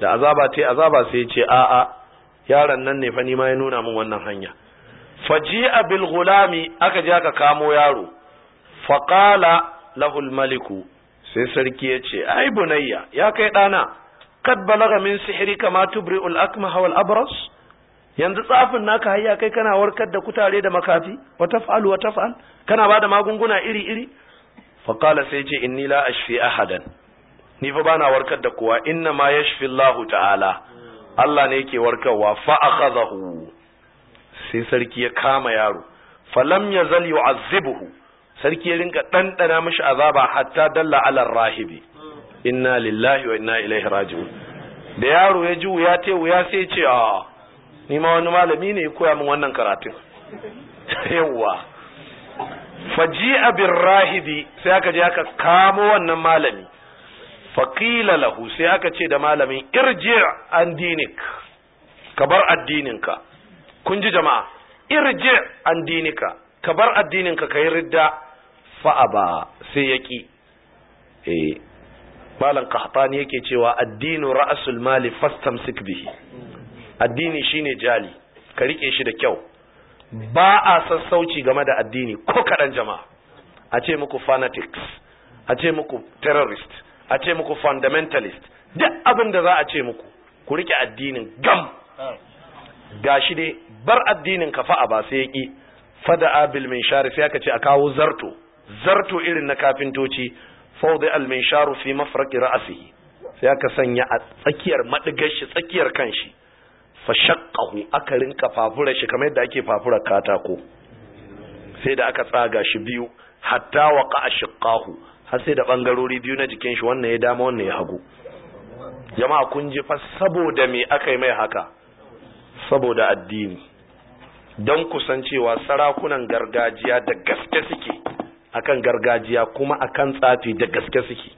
da azaba ta azaba sai ce ce a'a yaron nan ne fa ni ma ya nuna min wannan hanya faji'a bil gulami aka je aka kamo yaro faqala lahu al maliku sai sarki ya ce ai bunayya ya kai dana kad balaga min sihri kama al akmah wal abras yanzu tsafin naka hayya kai kana warkar da kutare da makafi wa taf'al wa taf'al kana bada magunguna iri iri faqala sai ce inni la ashfi ahadan ni fa bana warkar da kowa inna ma yashfi Allahu ta'ala Allah ne yake warkarwa fa akhadahu sai sarki ya kama yaro falam yazal yu'azzibuhu sarki ya rinka dandana mishi azaba hatta dalla ala rahibi inna lillahi wa inna ilaihi raji'un da yaro ya ji wuya te wuya sai ce a ah, ni ma wani malami ne ya koya min wannan karatun yawwa faji'a bin rahibi sai aka je aka kamo wannan malami faƙila lahu sai aka ce da malamin irje an dinik ka bar addininka kun ji jama'a irje an dinika ka bar addininka ka yi ridda fa'a ba sai ya ƙi eh, malam qahtani yake cewa addinu ra'asul mali fastamsik bihi addini shine jali ka riƙe shi da kyau ba a sassauci game da addini ko kaɗan jama'a a ce muku fanatics a ce muku terrorists. a ce muku fundamentalist duk abin da za a ce muku ku rike addinin gam gashi dai bar addinin kafa a ba sai yaki fada abil min sai aka ce a kawo zarto zarto irin na kafintoci fawdi al min sharu fi mafraqi ra'sihi sai aka sanya a tsakiyar madigar shi tsakiyar kanshi fa shaqqahu aka rinka fafura shi kamar yadda ake fafura katako sai da aka tsaga shi biyu hatta waqa ashqahu har sai da bangarori biyu na jikin shi wannan ya dama wannan ya hagu jama'a kun ji fa saboda me aka yi mai haka saboda addini don kusancewa sarakunan gargajiya da gaske suke akan gargajiya kuma akan tsafi da gaske suke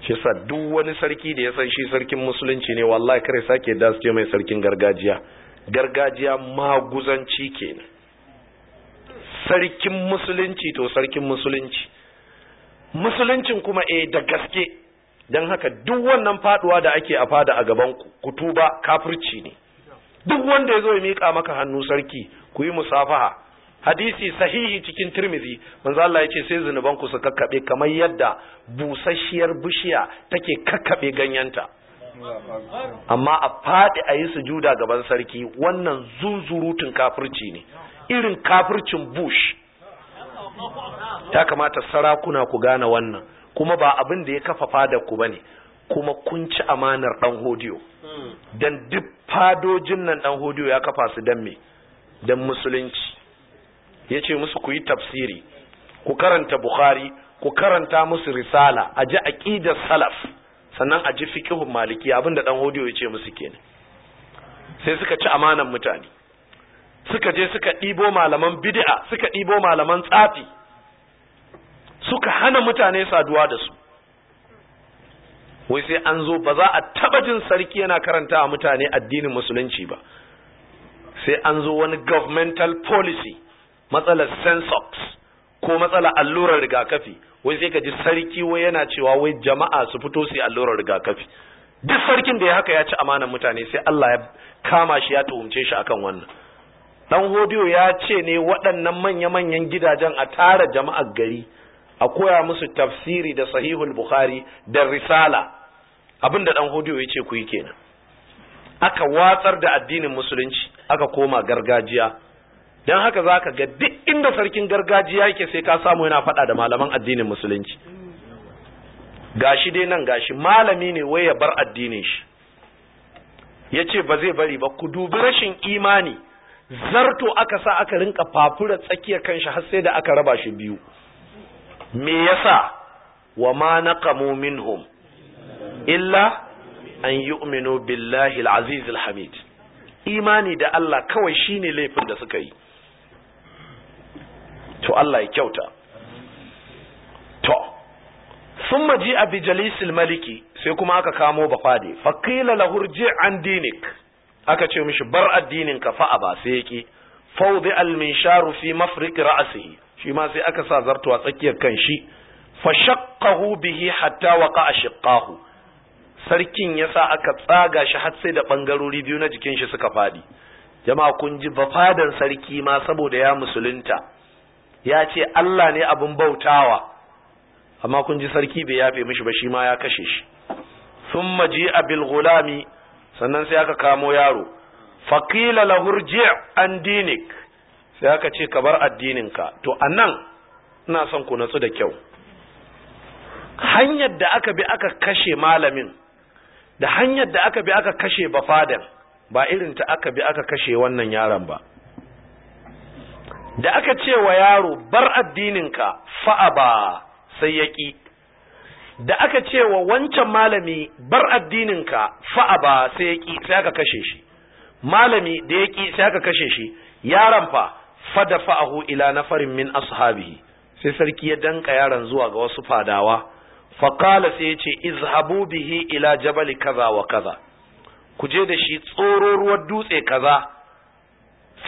shi sa duk wani sarki da ya san shi sarkin musulunci ne wallahi kare sake da su mai sarkin gargajiya gargajiya maguzanci kenan sarkin musulunci to sarkin musulunci musuluncin kuma eh da gaske don haka duk wannan faduwa da ake a fada a gaban ku tuba kafirci ne duk wanda ya zo ya miƙa maka hannu sarki ku yi musafaha hadisi sahihi cikin tirmidhi manzo Allah ce sai zunuban ku su kakkabe kamar yadda busasshiyar bishiya take kakkabe ganyenta amma a fadi a yi sujuda gaban sarki wannan zunzurutun kafirci ne irin kafircin bush ta kamata sarakuna ku gane wannan kuma ba abin da ya kafa fada ku bane kuma kun ci amanar dan hodiyo dan duk fadojin nan dan hodiyo ya kafa su dan me dan musulunci yace musu ku yi tafsiri ku karanta bukhari ku karanta musu risala a ji aqidar salaf sannan a ji fiqhun maliki abinda dan hodiyo yace musu kenan sai suka ci amanar mutane suka je suka ɗibo malaman bid'a suka ɗibo malaman tsafi suka hana mutane saduwa da su wai sai an zo ba za a taba jin sarki yana karanta a mutane addinin musulunci ba sai an zo wani governmental policy matsalar sensox ko matsalar allurar rigakafi wai sai ka ji sarki wai yana cewa wai jama'a su fito su allurar rigakafi duk sarkin da ya haka ya ci amanar mutane sai Allah ya kama shi ya tuhumce shi akan wannan dan hodiyo ya ce ne waɗannan manya-manyan gidajen a tara jama'ar gari a koya musu tafsiri da sahihul bukhari da risala abinda dan hodiyo ya ce ku yi kenan aka watsar da addinin musulunci aka koma gargajiya don haka za ka ga duk inda sarkin gargajiya yake sai ka samu yana faɗa da malaman addinin musulunci gashi dai nan gashi malami ne wai ya bar addinin shi ya ce ba zai bari ba ku dubi rashin imani zarto aka sa aka rinka fafura tsakiyar kanshi har sai da aka raba shi biyu me yasa wa ma naqamu minhum illa an yu'minu billahi al-aziz al-hamid imani da Allah kawai shine laifin da suka yi to Allah ya kyauta to thumma ji'a bi jalisil maliki sai kuma aka kamo bafade faqila lahurji an dinik aka ce mishi bar addinin ka fa'a ba sai yake fawdi al minsharu fi mafriq ra'sihi shi ma sai aka sa zarto a tsakiyar kan shi fa shaqqahu bihi hatta waqa shiqqahu sarkin yasa aka tsaga shi har sai da bangarori biyu na jikin shi suka fadi jama'a kun ji bafadan sarki ma saboda ya musulunta ya ce Allah ne abin bautawa amma kun ji sarki bai yafe mishi ba shi ma ya kashe shi thumma ji'a bil sannan sai aka kamo yaro faqila lahu an dinik sai aka ce ka bar addininka to anan ina son ku natsu da kyau hanyar da aka bi aka kashe malamin da hanyar da aka bi aka kashe bafadan ba irin ta aka bi aka kashe wannan yaron ba da aka ce wa yaro bar addininka fa'aba sai ya da aka ce wa wancan malami bar addininka fa'a ba sai ya ki sai aka kashe shi malami da ya ki sai aka kashe shi yaron fa fada fa'ahu ila nafarin min ashabihi sai sarki ya danka yaron zuwa ga wasu fadawa kala sai ya ce izhabu bihi ila jabali kaza wa kaza ku je da shi tsoro ruwan dutse kaza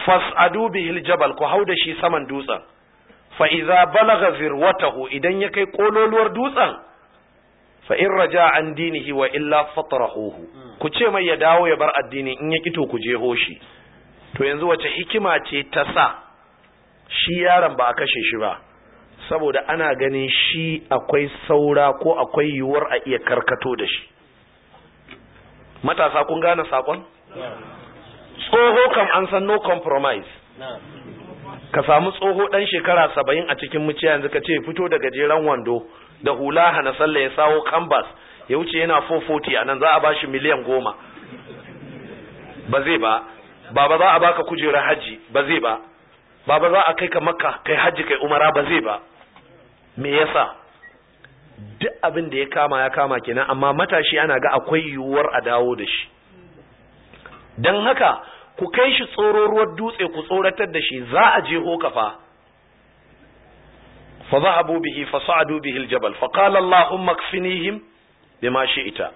fas'adu bihi jabal ku hau da shi saman dutsen fa iza balaga zirwatahu idan ya kai kololuwar dutsen fa in raja an dinihi wa illa hohu. Hmm. ku ce mai ya dawo ya bar addini in ya kito ku je shi to yanzu wace hikima ce ta sa shi yaron ba a kashe shi ba saboda ana ganin shi akwai saura ko akwai yiwuwar a iya karkato da shi matasa kun gane sakon tsoho kam an san no compromise ka samu tsoho ɗan shekara saba'in a cikin muciya yanzu ka ce fito da gajeren wando da hula hana sallah ya sawo kambas ya wuce yana 440 anan za a bashi miliyan goma ba zai ba baba za a baka kujerar haji ba zai ba baba za a kai ka makka kai haji kai umara ba zai ba me yasa duk abin da ya kama ya kama kenan amma matashi ana ga akwai yiwuwar a dawo da shi dan haka ku kai shi tsororuwar dutse ku tsoratar da shi za a je hokafa فذهبوا به فصعدوا به الجبل فقال اللهم اكفنيهم بما شئت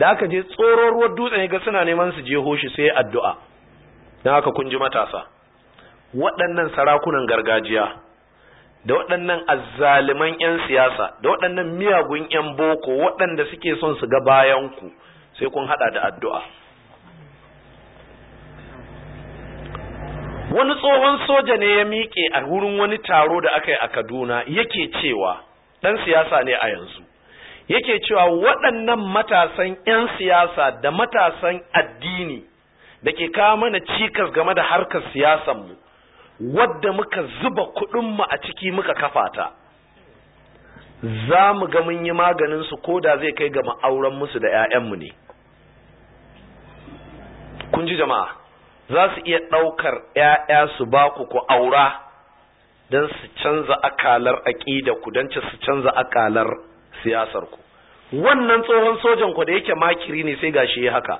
da aka je tsoron ruwan dutsen ga suna neman su je hoshi sai addu'a haka aka kunji matasa waɗannan sarakunan gargajiya da waɗannan azzaliman 'yan siyasa da waɗannan miyagun 'yan boko waɗanda suke son su ga bayanku sai kun haɗa da addu'a wani tsohon soja ne ya miƙe a wurin wani taro da aka yi a kaduna yake cewa ɗan siyasa ne a yanzu yake cewa waɗannan matasan 'yan siyasa da matasan addini da ke kawo mana cikas game da harkar siyasanmu wadda muka zuba kuɗinmu a ciki muka kafa ta za mu ga mun yi su ko da zai kai ga ma'auran musu da 'ya'yanmu ne kun ji jama'a za su iya ɗaukar ‘ya'ya su ba ku ku aura don su canza akalar aƙida ku don su canza akalar siyasar ku wannan tsohon sojan ku da yake makiri ne sai gashi ya haka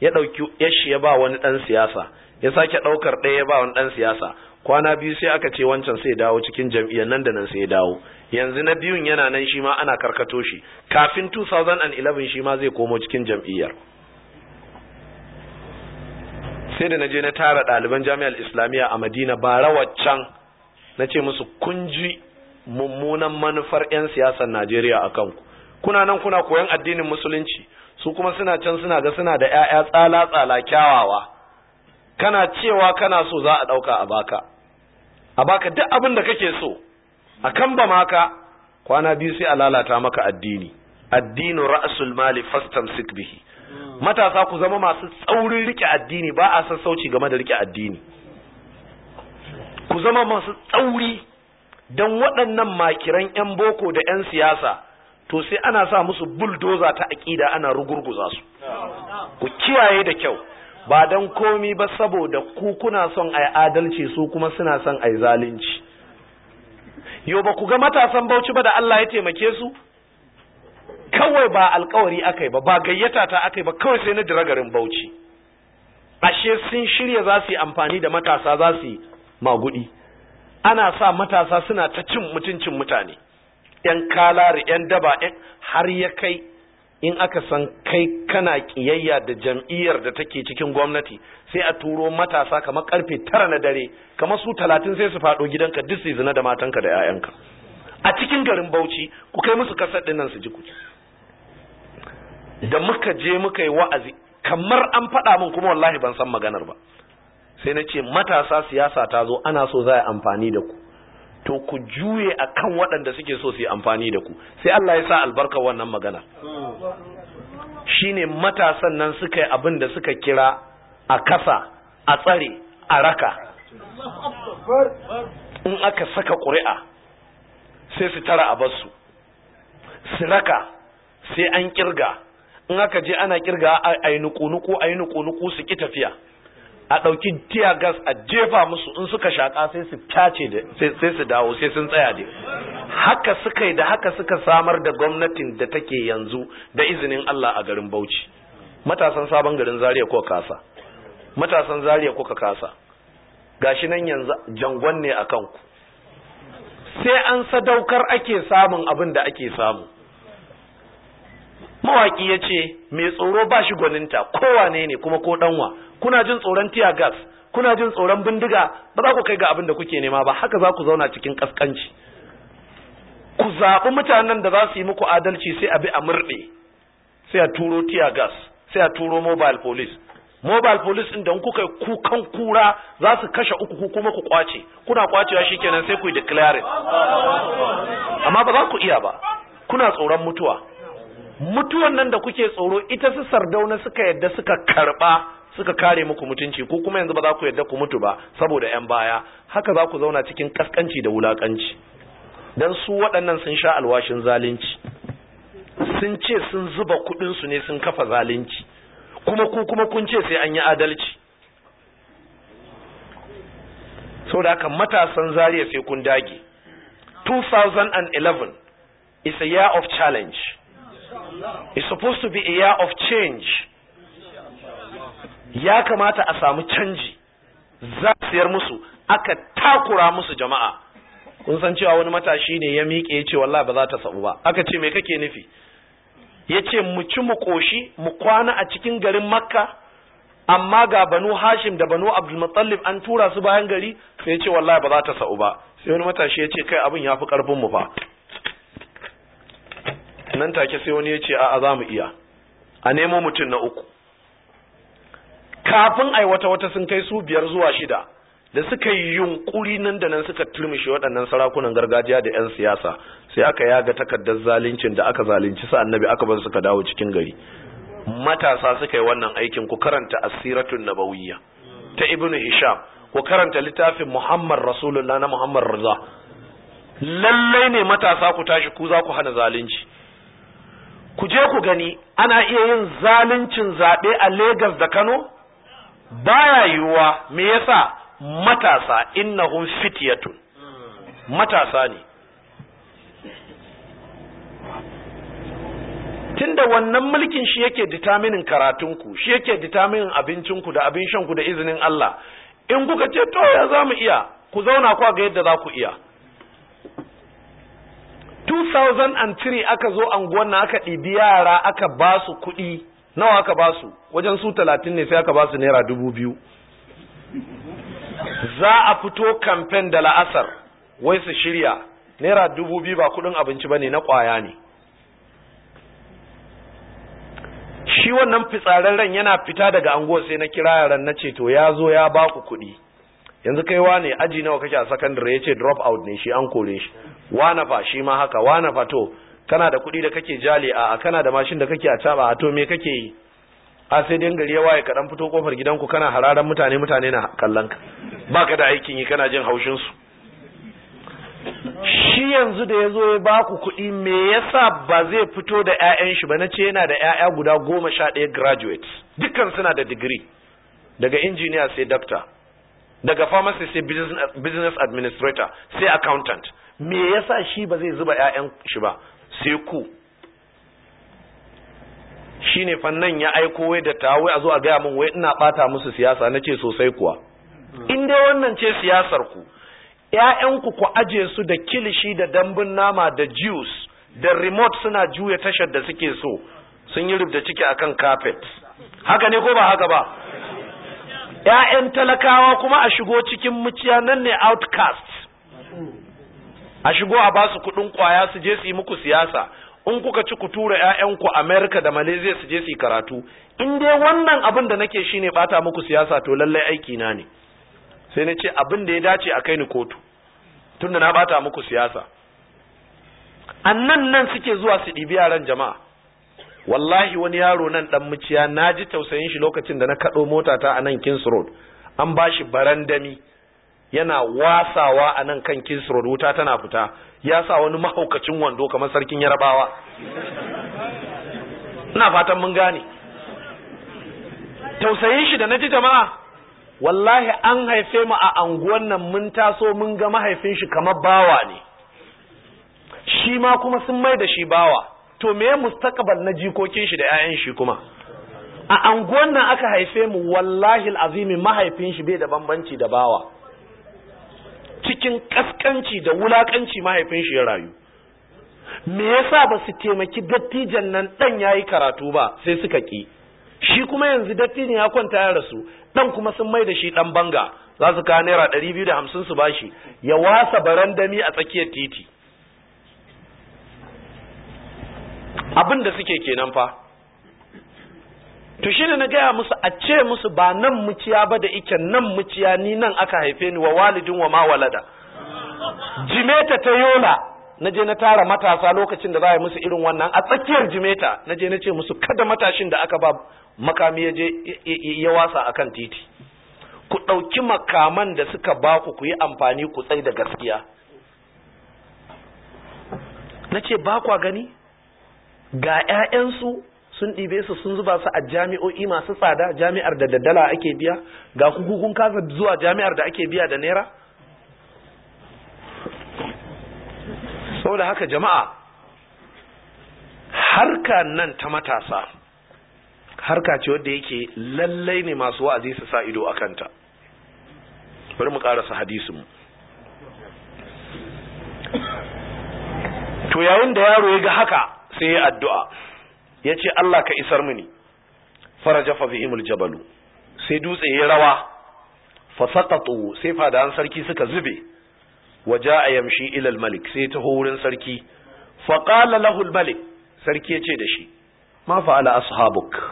ya ɗauki yashi ya ba wani ɗan siyasa ya sake ɗaukar ɗaya ya ba wani ɗan siyasa kwana biyu sai aka ce wancan sai dawo cikin jam'iyyar nan da nan sai dawo yanzu na biyun yana nan shi ma ana karkato shi kafin 2011 shi ma zai komo cikin jam'iyyar sai da na je na tara ɗaliban jami'ar islamiyya a madina ba waccan na ce musu kunji mummunan manufar 'yan siyasar najeriya a kanku kuna nan kuna koyon addinin musulunci su kuma suna can suna ga suna da 'ya'ya tsala-tsala kyawawa kana cewa kana so za a ɗauka a baka a baka duk abin da kake so a kan ba maka kwana biyu sai a lalata maka addini addinu ra'asul mali fastamsik bihi matasa ku zama masu tsaurin rike addini ba a sassauci game da rike addini ku zama masu tsauri don waɗannan makiran 'yan boko da 'yan siyasa to sai ana sa musu buldoza ta aƙida ana rugurguza su ku kiyaye da kyau ba don komi ba saboda ku kuna son a adalci su kuma suna son a zalunci yau ba ku ga matasan bauchi ba da Allah ya taimake su kawai ba alkawari akai ba ba gayyata ta aka akai ba kawai sai na jira garin Bauchi ashe sun shirya za su yi amfani da matasa za su yi magudi ana sa matasa suna ta cin mutuncin mutane yan kalari yan daba eh, har ya kai in aka san kai kana kiyayya da jam'iyyar da take cikin gwamnati sai a turo matasa kamar karfe tara na dare kamar su talatin sai su faɗo gidanka duk su zina da matanka da 'ya'yanka a cikin garin bauchi ku kai musu kasar ɗin nan su ji ku da muka je muka yi wa'azi kamar an faɗa min kuma wallahi ban san maganar ba sai na ce matasa siyasa ta zo ana so za a amfani da ku to ku juye a kan waɗanda suke so su yi amfani da ku sai Allah ya sa albarka wannan magana Shi ne matasan nan suka yi abin da suka kira a kasa a tsare a raka in aka saka ƙuri'a sai su tara a basu su raka sai an ƙirga. in aka je ana kirga a yi nuku a yi nuku su ki tafiya a ɗauki tiya gas a jefa musu in suka shaƙa sai su tace sai su dawo sai sun tsaya da haka suka yi da haka suka samar da gwamnatin da take yanzu da izinin Allah a garin Bauchi matasan sabon garin Zaria ko kasa matasan Zaria ko kasa gashi nan yanzu jangon ne akan ku sai an sadaukar ake samun abin da ake samu mawaki ya ce mai tsoro ba shi gwaninta kowa ne kuma ko danwa kuna jin tsoron tiya gas kuna jin tsoron bindiga ba za ku kai ga abin da kuke nema ba haka za ku zauna cikin kaskanci ku zaɓi mutanen da za su yi muku adalci sai a bi a murɗe sai a turo tiya gas sai a turo mobile police mobile police ɗin da kuka kukan kura za su kashe uku ku kuma ku kwace kuna kwacewa shikenan sai ku yi declaring amma ba za ku iya ba kuna tsoron mutuwa mutuwan nan da kuke tsoro ita su sardauna suka yadda suka karba suka kare muku mutunci ko kuma yanzu ba za ku yadda ku mutu ba saboda yan baya haka za ku zauna cikin kaskanci da wulakanci dan su waɗannan sun sha alwashin zalunci sun ce sun zuba kuɗin su ne sun kafa zalunci kuma ku kuma kun ce sai an yi adalci saboda haka matasan zariya sai kun dage 2011 is a year of challenge It's supposed to be a year of change. Ya kamata a samu canji, za siyar musu, aka takura musu jama'a. Kun san cewa wani matashi ne ya miƙe ya ce wallah ba za ta sabu ba. Aka ce me kake nufi? Ya ce mu ci mu ƙoshi, mu kwana a cikin garin Makka, amma ga banu hashim da banu abdulmutallib an tura su bayan gari sai ya ce wallahi ba za ta sa'u ba sai wani matashi ya ce kai abin ya fi karfin mu fa nan take sai wani ya ce a za mu iya a nemo mutum na uku kafin ai wata wata sun kai su biyar zuwa shida da suka yi yunkuri nan da nan suka turmushe waɗannan sarakunan gargajiya da 'yan siyasa sai aka yaga takardar zaluncin da aka zalunci sa annabi aka bar suka dawo cikin gari matasa suka yi wannan aikin ku karanta asiratun nabawiyya ta ibnu hisham ku karanta littafin muhammad rasulullah na muhammad raza lallai ne matasa ku tashi ku za ku hana zalunci ku je ku gani ana iya yin zaluncin zaɓe a Legas da Kano baya yiwuwa me yasa matasa innahum fityatun matasa ne tunda wannan mulkin shi yake determinin karatunku shi yake determinin abincinku da abin shanku da izinin Allah in kuka ce to ya za mu iya ku zauna ku ga yadda za ku iya 2003 aka zo anguwan na aka ɗibi yara aka ba su kuɗi nawa aka ba su wajen su talatin ne sai aka ba su naira dubu biyu za a fito kamfen da la'asar wai su shirya naira dubu biyu ba kuɗin abinci ba ne na ƙwaya ne shi wannan fitsararren yana fita daga anguwa sai na kira yaran na ce to ya zo ya ba ku kuɗi yanzu kai wane aji nawa kake a secondary yace drop out ne shi an kore shi wana fa shi ma haka wana fa to kana da kuɗi da kake jale a kana da mashin da kake a taba a to me kake yi a sai dai gari ya waye ka dan fito kofar gidanku kana hararan mutane mutane na kallon ka baka da aikin yi kana jin haushin su shi yanzu da yazo zo ya baku kuɗi me yasa ba zai fito da 'ya'yan shi ba nace yana da 'ya'ya guda goma sha ɗaya graduate dukkan suna da digiri daga injiniya sai doctor daga pharmacy sai business administrator sai accountant me yasa shi ba zai zuba 'ya'yan shi ba sai ku shi ne fannan ya aiko wai da ta wai a zo gaya min wai ina bata musu siyasa na ce sosai kuwa hmm. in dai wannan ce siyasar ku ‘ya'yanku ku aje su da kilishi da dambun nama da juice da remote suna juya tashar da suke so sun yi rubda ciki akan carpet haka ne ko ba haka ba ‘ya'yan talakawa kuma a shigo cikin muciya nan ne outcast a shigo a basu kuɗin kwaya su je su yi muku siyasa in kuka ci ku tura ‘ya'yanku Amerika da Malaysia su je su yi karatu in dai wannan abin da nake shine bata muku siyasa to lallai aiki na ne sai na ce abin da ya dace a kai ni kotu tun da na bata muku siyasa annan nan suke zuwa su ɗibi yaran jama'a wallahi wani yaro nan dan muciya na ji tausayin shi lokacin da na kaɗo ta a nan kings road an ba shi barandami yana wasawa a nan kan kings road wuta tana fita ya sa wani mahaukacin wando kamar sarkin yarabawa ina fatan mun gane tausayin shi da na ji jama'a wallahi an haife mu a anguwan nan mun taso mun ga mahaifin shi kamar bawa ne shi ma kuma sun mai da shi bawa to me mustaqbal na jikokin shi da 'ya'yan shi kuma a anguwan nan aka haife mu wallahi alazim mahaifin shi bai da bambanci da bawa cikin kaskanci da wulakanci mahaifin shi ya rayu me yasa ba su taimaki dattijan nan dan yayi karatu ba sai suka ki shi kuma yanzu dattijan ya kwanta ya rasu dan kuma sun mai da shi dan banga za su kawo naira ɗari biyu da hamsin su bashi ya wasa barandami a tsakiyar titi abin da suke kenan fa to shi ne na gaya musu a ce musu ba nan muciya ba da ike nan muciya ni nan aka haife ni wa walidin wa ma walada jimeta ta yola na je na tara matasa lokacin da za a yi musu irin wannan a tsakiyar jimeta na je na ce musu kada matashin da aka ba makami ya je ya wasa akan titi ku ɗauki makaman da suka ba ku ku yi amfani ku tsai da gaskiya na ce ba kwa gani ga 'ya'yansu sun ɗibe su sun zuba su a jami'o'i masu tsada jami'ar da daddala ake biya ga kun kasa zuwa jami'ar da ake biya da naira saboda haka jama'a harka nan ta matasa harka ce wadda yake lallai ne masu wa'azi su sa ido a kanta bari mu ƙarasa mu. to yayin da yaro ya ga haka sai ya addu'a ya ce Allah ka isar mini faraja fazihimul jabalu sai dutse ya rawa fasaqatu sai fadawan sarki suka zube waja yamshi ila malik sai taho wurin sarki faqala lahu malik sarki ya ce da shi ma fa'ala ashabuk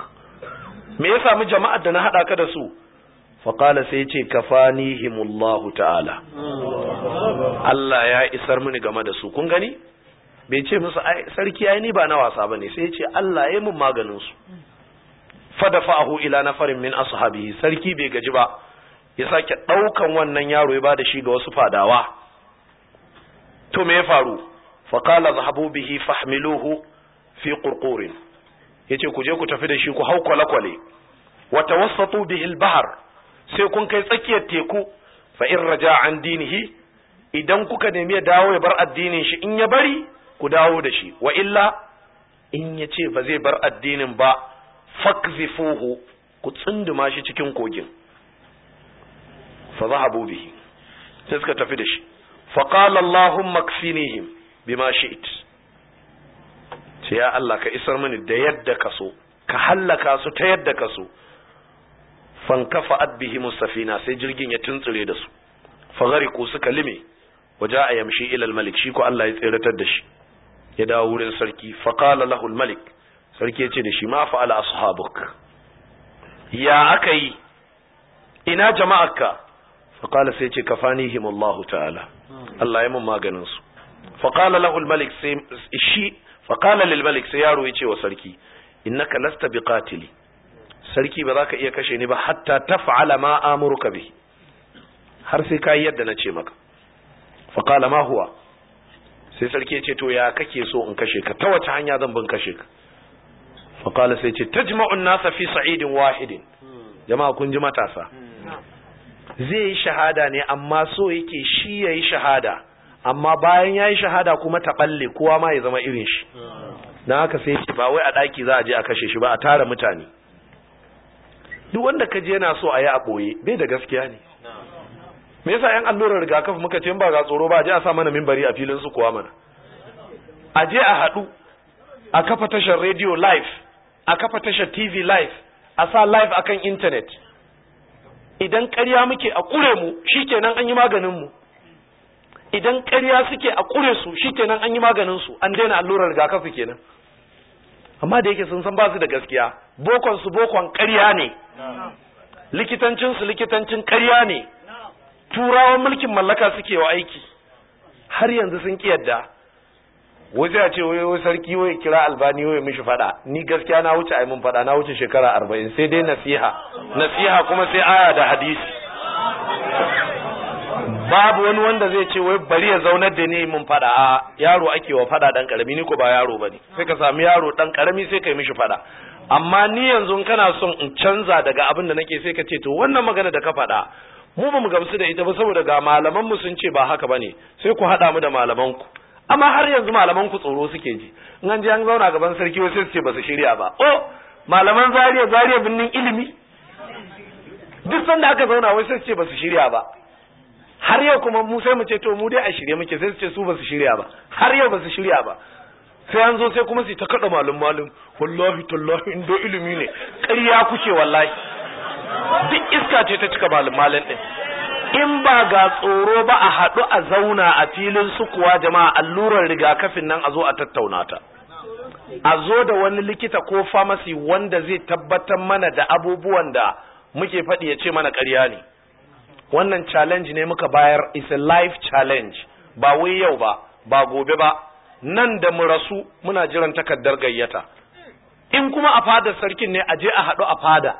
me ya samu jama'ar da na hada ka da su faƙala sai ce kafanihimullahu ta'ala Allah ya isar mini game da su kun gani bai ce musu sarki ai ni ba na wasa ba ne sai yace ce Allah ya yi mun maganin su fadafa'ahu ila na farin min ashabi sarki bai gaji ba ya sake ɗaukan wannan yaro ya bada shi ga wasu fadawa to me ya faru faƙala qala zahabu bihi fahmiluhu fi ya yace ku je ku tafi da shi ku hau kwale-kwale Wata tawassatu bihi sai kun kai tsakiyar teku fa in raja an dinihi idan kuka nemi ya dawo ya bar addinin shi in ya bari ku dawo da shi wa illa in ya ce ba zai bar addinin ba fakzifuhu ku tsunduma shi cikin kogin fa abu bihi sai suka tafi da shi fa qala allahumma kfinihim bima shi'it ce ya Allah ka isar mini da yadda ka so ka hallaka su ta yadda ka so fankafa adbihim safina sai jirgin ya tuntsure da su fa gari ku suka lime waje a yamshi ilal malik shi ko Allah ya tsiratar da shi ya dawo wurin sarki faqala lahu malik sarki ce da shi ma fa'ala ashabuk ya aka yi. ina jama'arka faqala sai ce yace kafanihim Allah ta'ala Allah ya mun maganinsu. su faqala malik sai shi faqala lil sai yaro yace wa sarki Ina ka lasta bi biqatili sarki ba za ka iya kashe ni ba hatta taf'ala ma amuruka bi har sai kai yadda na ce maka faqala ma huwa sai sarki ya ce to ya kake so in kashe ka ta wace hanya zan bin kashe ka kala sai ce an nasa fi sa'idin wahidin jama'a kun ji matasa zai yi shahada ne amma so yake shi yayi shahada amma bayan yayi shahada kuma taɓalle kowa ma ya zama irin shi na haka sai ce ba wai a ɗaki za a je a kashe shi ba a tara mutane duk wanda ka je yana so a yi a boye bai da gaskiya ne me yasa yan allurar rigakafi muka ce ba ga tsoro ba a je a sa mana mimbari a filin su kuwa mana a je a haɗu a kafa tashar radio live a kafa tashar tv live a sa live akan internet idan ƙarya muke a ƙure mu shikenan an yi maganin mu idan ƙarya suke a ƙure su shikenan an yi maganin su an daina allurar rigakafi kenan amma da yake sun san ba su da gaskiya bokon su bokon ƙarya ne likitancin su likitancin ƙarya ne turawan mulkin mallaka suke wa aiki har yanzu sun ki yadda waje a ce wayo sarki waye kira albani waye mishi fada ni gaskiya na wuce ai mun fada na wuce shekara 40 sai dai nasiha nasiha kuma sai aya da hadisi babu wani wanda zai ce wai bari ya zaunar da ni mun fada a yaro ake wa fada dan karami ni ko ba yaro bane sai ka sami yaro dan karami sai kai mishi fada amma ni yanzu kana son in canza daga abin da nake sai ka ce to wannan magana da ka fada mu ba mu gamsu da ita ba saboda ga malaman mu sun ce ba haka bane sai ku hada mu da malaman ku amma har yanzu malaman ku tsoro suke ji in an je an zauna gaban sarki wai sai su ce ba su shirya ba oh malaman zariya zariya binnin ilimi duk sanda aka zauna wai sai su ce ba su shirya ba har yau kuma mu sai mu ce to mu dai a shirye muke sai su ce su ba su shirya ba har yau ba su shirya ba sai an zo sai kuma su ta kada malum malum wallahi tallahi indo ilimi ne ƙarya kuke wallahi duk iska ce ta cika malin din in ba ga tsoro ba a haɗu a zauna a filin sukuwa jama'a allurar rigakafin nan a zo a tattauna ta a zo da wani likita ko famasi wanda zai tabbatar mana da abubuwan da muke faɗi ya ce mana ƙarya ne wannan challenge ne muka bayar is a life challenge ba wai yau ba ba gobe ba nan da mu rasu muna jiran takardar gayyata in kuma a fada sarkin ne a je a haɗu a fada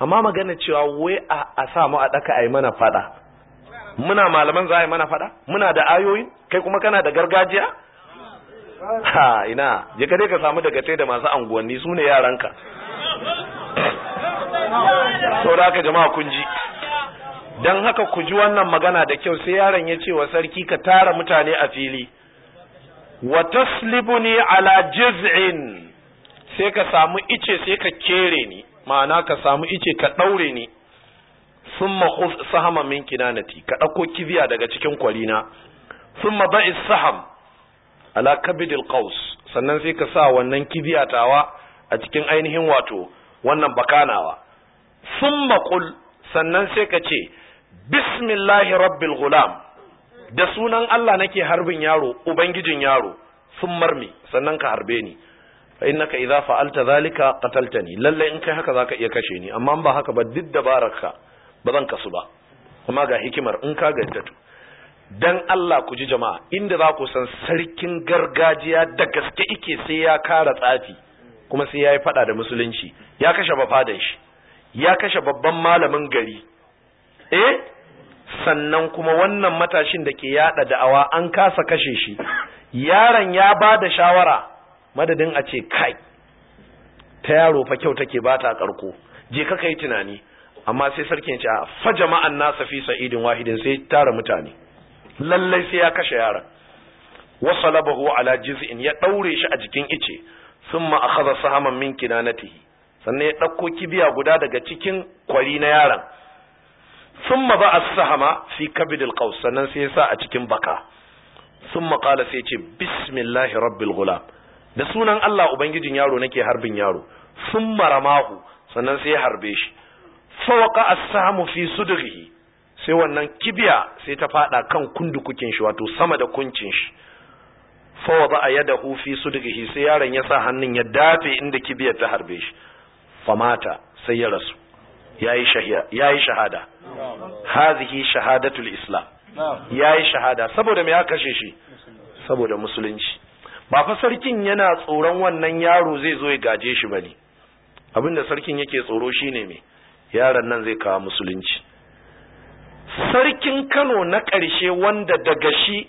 amma magana cewa wai a samu a daka a yi mana fada muna malaman za a yi mana fada muna da ayoyi kai kuma kana da gargajiya ha ina je ka ka samu daga tai da masu anguwanni su ne yaranka sau da haka jama'a kun ji don haka ku ji wannan magana da kyau sai yaron ya ce wa sarki ka tara mutane a fili wa taslibuni ala jiz'in sai ka samu ice sai ka kere ni ma'ana ka samu ice ka ɗaure ni sun makus sahama min kinanati ka ɗauko kibiya daga cikin kwalina sun ma ba'is saham ala kabidil qaus sannan sai ka sa wannan kibiya tawa a cikin ainihin wato wannan bakanawa sun maƙul sannan sai ka ce bismillahi rabbil gulam da sunan Allah nake harbin yaro ubangijin yaro sun marmi sannan ka harbe ni fa innaka idza fa'alta zalika qataltani lalle in kai haka zaka iya kashe ni amma ba haka ba duk dabararka ba zan kasu ba kuma ga hikimar in ka to dan Allah ku ji jama'a inda za ku san sarkin gargajiya da gaske ike sai ya kara tsafi kuma sai ya fada da musulunci ya kashe bafadan shi ya kashe babban malamin gari eh sannan kuma wannan matashin da ke yada da'awa an kasa kashe shi yaron ya ba da shawara madadin a ce kai ta yaro fa kyau take ba ta karko je ka kai tunani amma sai sarkin ce fa jama'an nasa fi sa'idin wahidin sai tara mutane lallai sai ya kashe yaron wasalabahu ala jiz'in ya daure shi a jikin ice summa akhadha sahaman min kinanatihi sannan ya dauko kibiya guda daga cikin kwari na yaron summa ba as-sahama fi kabid qaws sannan sai ya sa a cikin baka summa qala sai ya ce bismillahi rabbil ghulam da sunan Allah ubangijin yaro nake harbin yaro sun maramahu sannan sai ya harbe shi fawqa as-samu fi sudrihi sai wannan kibiya sai ta fada kan kundukukin shi wato sama da kuncin shi fawada yadahu fi sudrihi sai yaron ya sa hannun ya dafe inda kibiyar ta harbe shi famata sai ya rasu yayi shahiya yayi shahada hazihi shahadatul islam yayi shahada saboda me ya kashe shi saboda musulunci ba fa sarkin yana tsoron wannan yaro zai zo ya gaje shi bane abinda sarkin yake tsoro shine me yaron nan zai kawo musulunci sarkin Kano na ƙarshe wanda daga shi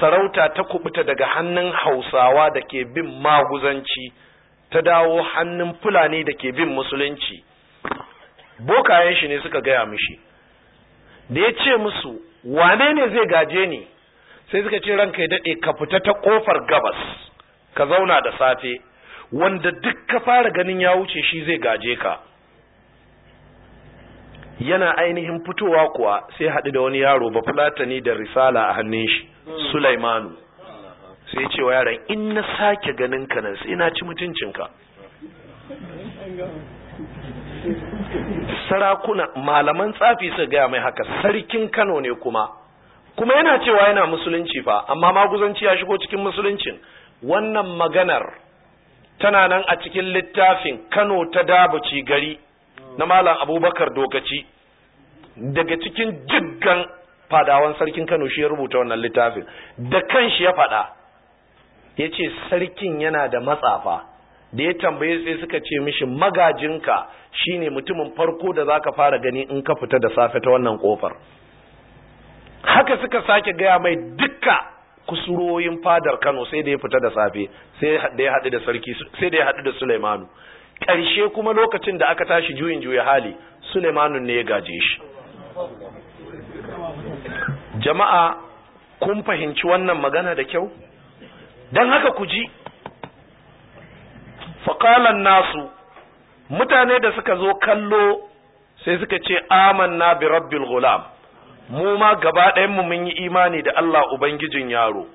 sarauta ta kubuta daga hannun Hausawa da ke bin maguzanci ta dawo hannun Fulani da ke bin musulunci bokayen shi ne suka gaya mishi da ya ce musu wane ne zai gaje ni sai suka ce ranka ya daɗe ka fita ta ƙofar gabas ka zauna da safe wanda duk ka fara ganin ya wuce shi zai gaje ka yana ainihin fitowa kuwa sai haɗu da wani yaro ba fulatani da risala a hannun shi sulaimanu sai ce wa yaran in na sake ganin ka nan sai na ci mutuncinka sarakuna malaman tsafi su gaya mai haka sarkin kano ne kuma kuma yana cewa yana musulunci fa amma maguzanci ya shigo cikin musuluncin wannan maganar tana nan a cikin littafin Kano ta Dabaci gari na malam Abubakar Dokaci daga cikin jiggan fadawan sarkin Kano shi ya rubuta wannan littafin da kanshi ya faɗa yace sarkin yana da matsafa da ya tambaye sai suka ce mishi magajinka shine mutumin farko da zaka fara gani in ka fita da safe ta wannan kofar haka suka sake gaya mai dukka kusuroyin fadar Kano sai da ya fita da safe sai da ya haɗu da sarki sai da ya haɗu da Sulaimanu ƙarshe kuma lokacin da aka tashi juyin juya hali Sulaimanu ne ya gaje shi jama'a kun fahimci wannan magana da kyau dan haka ku ji faƙalan nasu mutane da suka zo kallo sai suka ce amanna bi rabbil gulam mu ma gaba ɗayan mu mun yi imani da Allah ubangijin yaro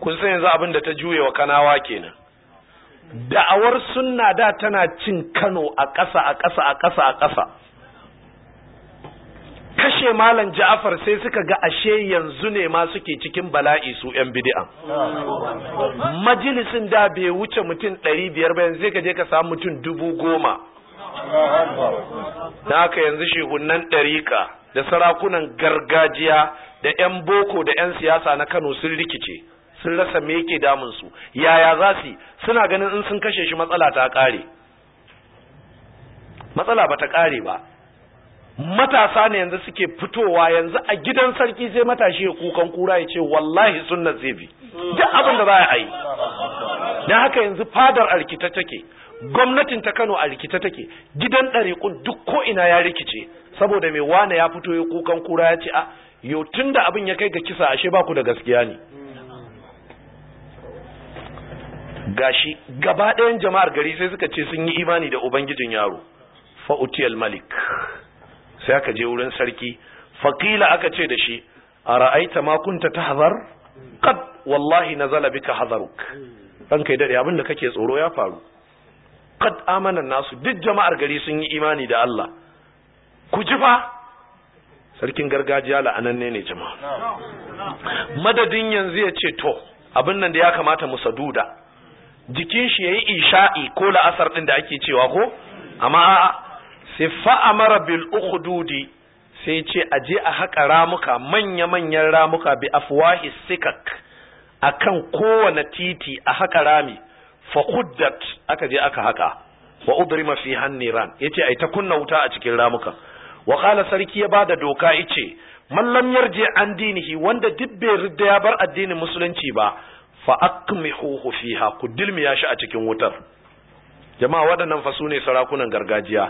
kun san yanzu abin da ta juye wa kanawa kenan da'awar sunna da tana cin Kano a ƙasa a ƙasa a ƙasa a ƙasa kashe malam Ja'afar sai suka ga ashe yanzu ne ma suke cikin bala'i su yan bid'a majalisin da bai wuce mutum 500 ba yanzu ka je ka samu mutum 10,000 na haka yanzu shi shehunan ɗarika da sarakunan gargajiya da 'yan boko da 'yan siyasa na kano sun rikice sun rasa me yake su yaya za su suna ganin in sun kashe shi matsala ta kare matsala ba ta ƙare ba matasa ne yanzu suke fitowa yanzu a gidan sarki sai matashi ya kukan kura ya ce wallahi sunna zai bi duk abin da za a yi don haka yanzu fadar arkita take gwamnatin ta Kano a rikice take gidan ɗariƙun duk ko ina ya rikice saboda mai wane ya fito ya kukan kura ya ce a ah, yau tun da abin ya kai ga kisa ashe ba ku da gaskiya ne gashi gaba ɗayan jama'ar gari sai suka ce sun yi imani da ubangijin yaro fa'utiyal malik sai aka je wurin sarki faƙila aka ce da shi a ra'aita makunta ta hazar kad wallahi na zalabi ka hazaruk ɗan kai daɗe abin da kake tsoro ya faru qad amana nasu duk jama'ar gari sun yi imani da Allah ku ji fa sarkin gargajiya la'ananne ne jama'a madadin yanzu ya ce to abin nan da ya kamata mu saduda jikin shi yayi isha'i ko la'asar din da ake cewa ko amma sai fa amara bil ukhududi sai ce a je a haƙa ramuka manya-manyan ramuka bi afwahis sikak akan kowane titi a haƙa rami fa aka je aka haka wa udrima fi hanniran yace ai ta kunna wuta a cikin ramuka wa qala sarki ya bada doka yace man lam yarji an dinihi wanda dibbe ridda ya bar addinin musulunci ba fa akmihuhu fiha ku dilmiya shi a cikin wutar jama'a waɗannan fa sune sarakunan gargajiya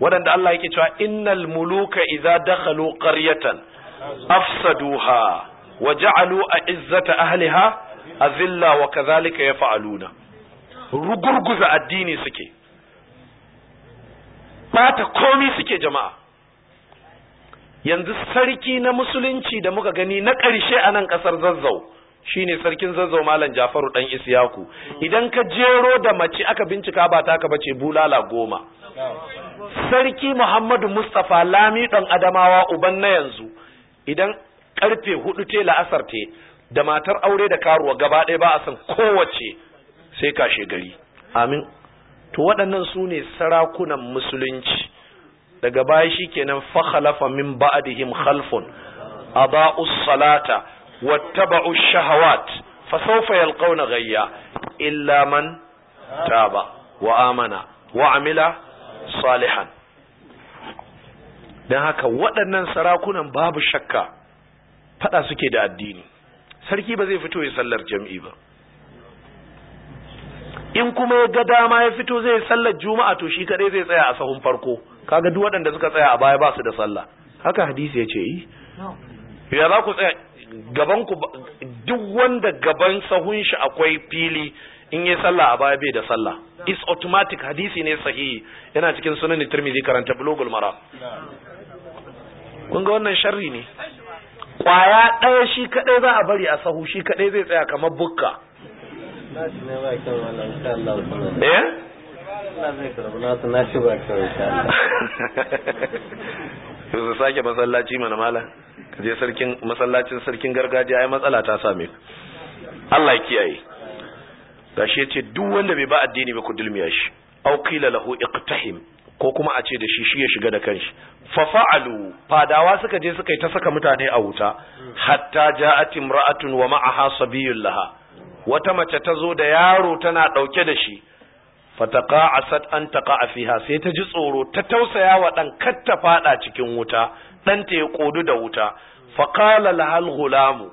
waɗanda Allah yake cewa innal muluka idza dakhalu qaryatan afsaduha wa ja'alu a'izzata ahliha azilla wa kadhalika yaf'aluna rugurguza addini suke bata komi suke jama'a yanzu sarki na musulunci da muka gani na ƙarshe a nan ƙasar zazzau shine sarkin zazzau malam jafaru dan isiyaku idan ka jero da mace aka bincika ba ka bace bulala goma sarki muhammadu mustapha lami dan adamawa uban na yanzu idan karfe hudu te la'asar te da matar aure da karuwa gaba ɗaya ba a san kowace sai kashe gari amin to waɗannan su ne sarakunan musulunci daga baya kenan fa khalafa min ba'dihim khalfun aba'us salata wattaba'u shahawat fa sawfa yalqawna ghayya illa man taba wa amana wa amila salihan dan haka waɗannan sarakunan babu shakka fada suke da addini sarki ba zai fito ya sallar jami'i ba in kuma ya ga dama ya fito zai sallar juma'a to shi kadai zai tsaya a sahun farko kaga duk waɗanda suka tsaya a baya ba su da sallah haka hadisi ya ce yi eh, ya za ku tsaya gaban ku duk wanda gaban sahun shi akwai fili in yi sallah a baya bai da sallah is automatic hadisi ne sahihi yana cikin sunan tirmidhi karanta bulugul mara kun ga wannan sharri ne kwaya ɗaya shi kadai za a bari a sahu shi kadai zai tsaya kamar bukka ya su sake masallaci mana mala je sarkin masallacin sarkin gargajiya ya matsala ta same Allah ya kiyaye gashi yace duk wanda bai ba addini ba ku dulmiya shi aw qila lahu iqtahim ko kuma a ce da shi shi ya shiga da kanshi fa fa'alu fadawa suka je suka yi ta saka mutane a wuta hatta ja'at imra'atun wa ma'aha sabiyyun laha wata mace ta zo da yaro tana ɗauke da shi fataka asad an taka a fiha sai ta ji tsoro ta tausaya wa ɗan kar ta faɗa cikin wuta ɗan ta ya ƙodu da wuta faƙala lahal gulamu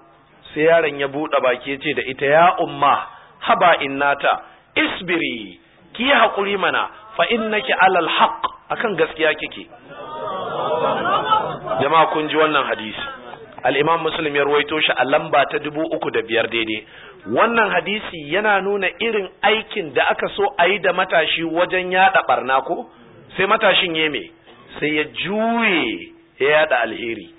sai yaron ya buɗe baki ce da ita ya umma haba innata isbiri ki haƙuri mana fa innaki alal haqq akan gaskiya kike jama'a kun ji wannan hadisi al-imam muslim ya ruwaito shi a lamba ta dubu uku da biyar daidai wannan hadisi yana nuna irin aikin da aka so a yi da matashi wajen yada barna ko sai matashin ya me sai ya juye ya yada alheri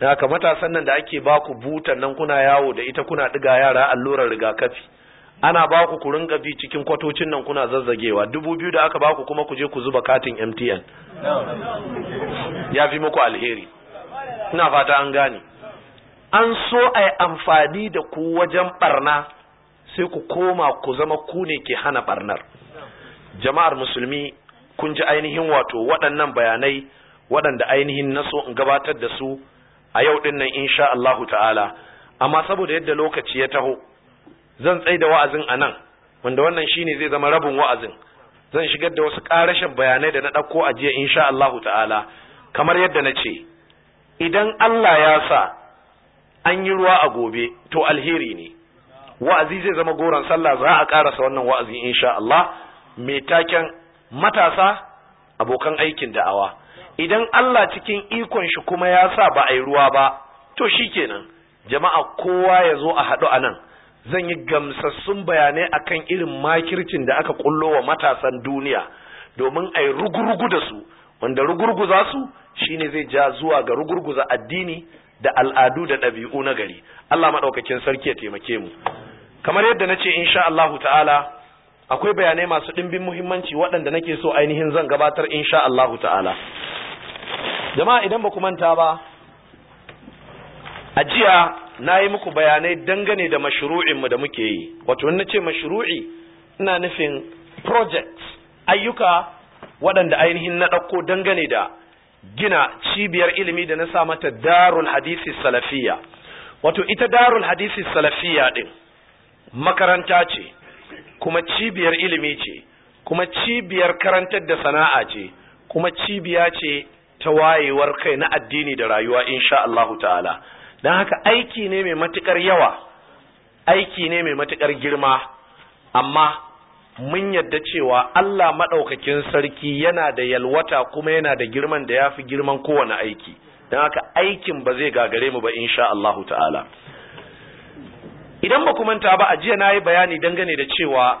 da haka matasan nan da ake ba ku butan nan kuna yawo da ita kuna ɗiga yara allurar rigakafi ana ba ku kurin gabi cikin kwatocin nan kuna zazzagewa dubu biyu da aka ba ku kuma ku je ku zuba katin mtn ya fi muku alheri ina fata an gane an so a yi amfani da ku wajen barna sai ku koma ku zama ku ne ke hana barnar jama'ar musulmi kun ji ainihin wato waɗannan bayanai waɗanda ainihin na so in gabatar da su a yau ɗin nan insha Allahu ta'ala amma saboda yadda lokaci ya taho zan tsai da wa'azin a nan wanda wannan shine zai zama rabin wa'azin zan shigar da wasu ƙarashin bayanai da na ɗauko a jiya insha Allahu ta'ala kamar yadda na ce idan Allah ya sa an yi ruwa a gobe to alheri ne wa'azi zai zama goron sallah za a karasa wannan wa'azi insha Allah mai taken matasa abokan aikin da'awa idan Allah cikin ikon shi kuma ya sa ba a yi ruwa ba to shi kenan jama'a kowa ya zo a haɗu a nan zan yi gamsassun bayanai akan irin makircin da aka kullo wa matasan duniya domin a yi rugurugu da su wanda za su shine zai ja zuwa ga rugurguza addini da al'adu da ɗabi'u na gari Allah maɗaukakin sarki ya taimake mu kamar yadda na ce in sha Allahu ta'ala akwai bayanai masu ɗimbin muhimmanci waɗanda nake so ainihin zan gabatar insha Allahu ta'ala jama'a idan ba ku manta ba a jiya na yi muku bayanai dangane da mashru'inmu da muke yi wato na ce mashru'i ina nufin project ayyuka waɗanda ainihin na ɗauko dangane da gina cibiyar ilimi da na sa mata darul hadisi salafiya wato ita darul hadisi salafiya din makaranta ce kuma cibiyar ilimi ce kuma cibiyar karantar da sana'a ce kuma cibiya ce ta wayewar kai na addini da rayuwa insha Allah ta'ala don haka aiki ne mai matukar yawa aiki ne mai matukar girma amma mun yadda cewa Allah maɗaukakin sarki yana da yalwata kuma yana da girman da ya fi girman kowane aiki don haka aikin ba zai gagare mu ba insha Allah ta'ala idan ba manta ba a jiya na yi bayani dangane da cewa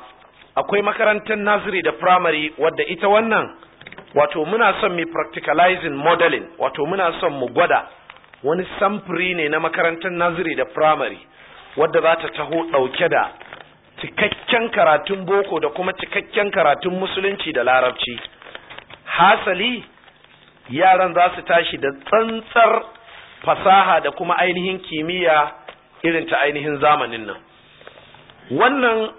akwai makarantar naziri da primary wadda ita wannan wato muna son mu practicalizing modeling wato muna son mu gwada wani samfuri ne na makarantar naziri da primary wadda za ta taho ɗauke da cikakken karatun boko da kuma cikakken karatun musulunci da larabci hasali yaran za su tashi da tsantsar fasaha da kuma ainihin kimiyya irin ta ainihin zamanin nan wannan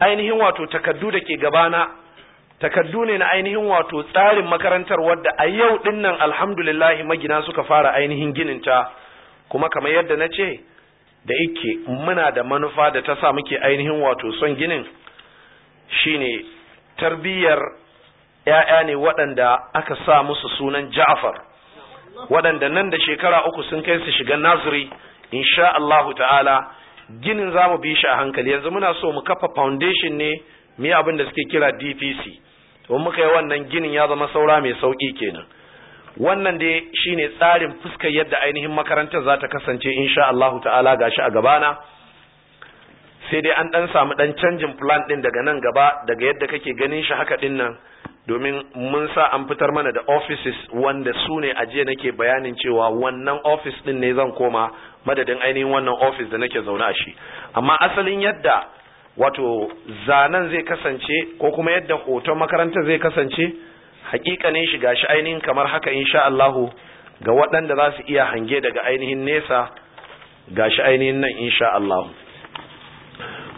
ainihin wato takaddu da ke gabana takaddu ne na ainihin wato tsarin makarantar wadda a yau dinnan alhamdulillahi magina suka fara ainihin gininta kuma kamar yadda na ce da yake muna da manufa da ta sa muke ainihin wato son ginin shine tarbiyyar ‘ya'ya ne waɗanda aka sa musu sunan ja'afar, waɗanda nan da shekara uku sun kai su shiga Naziri insha Allahu ta'ala ginin za mu bi shi a hankali yanzu muna so mu kafa foundation ne mu yi abin da suke kira DPC to muka yi wannan ginin ya zama saura mai sauƙi kenan wannan dai shine tsarin fuskar yadda ainihin makarantar za ta kasance insha Allahu ta'ala gashi a gabana sai dai an ɗan samu ɗan canjin plan ɗin daga nan gaba daga yadda kake ganin shi haka din nan domin mun sa an fitar mana da offices wanda su ne ajiye nake bayanin cewa wannan office ɗin ne zan koma madadin ainihin wannan office da nake zaune a shi amma asalin yadda wato zanen zai kasance ko kuma yadda hoton makarantar zai kasance hakikanin shi gashi ainihin kamar haka insha Allahu ga waɗanda za su iya hange daga ainihin nesa gashi ainihin nan insha Allahu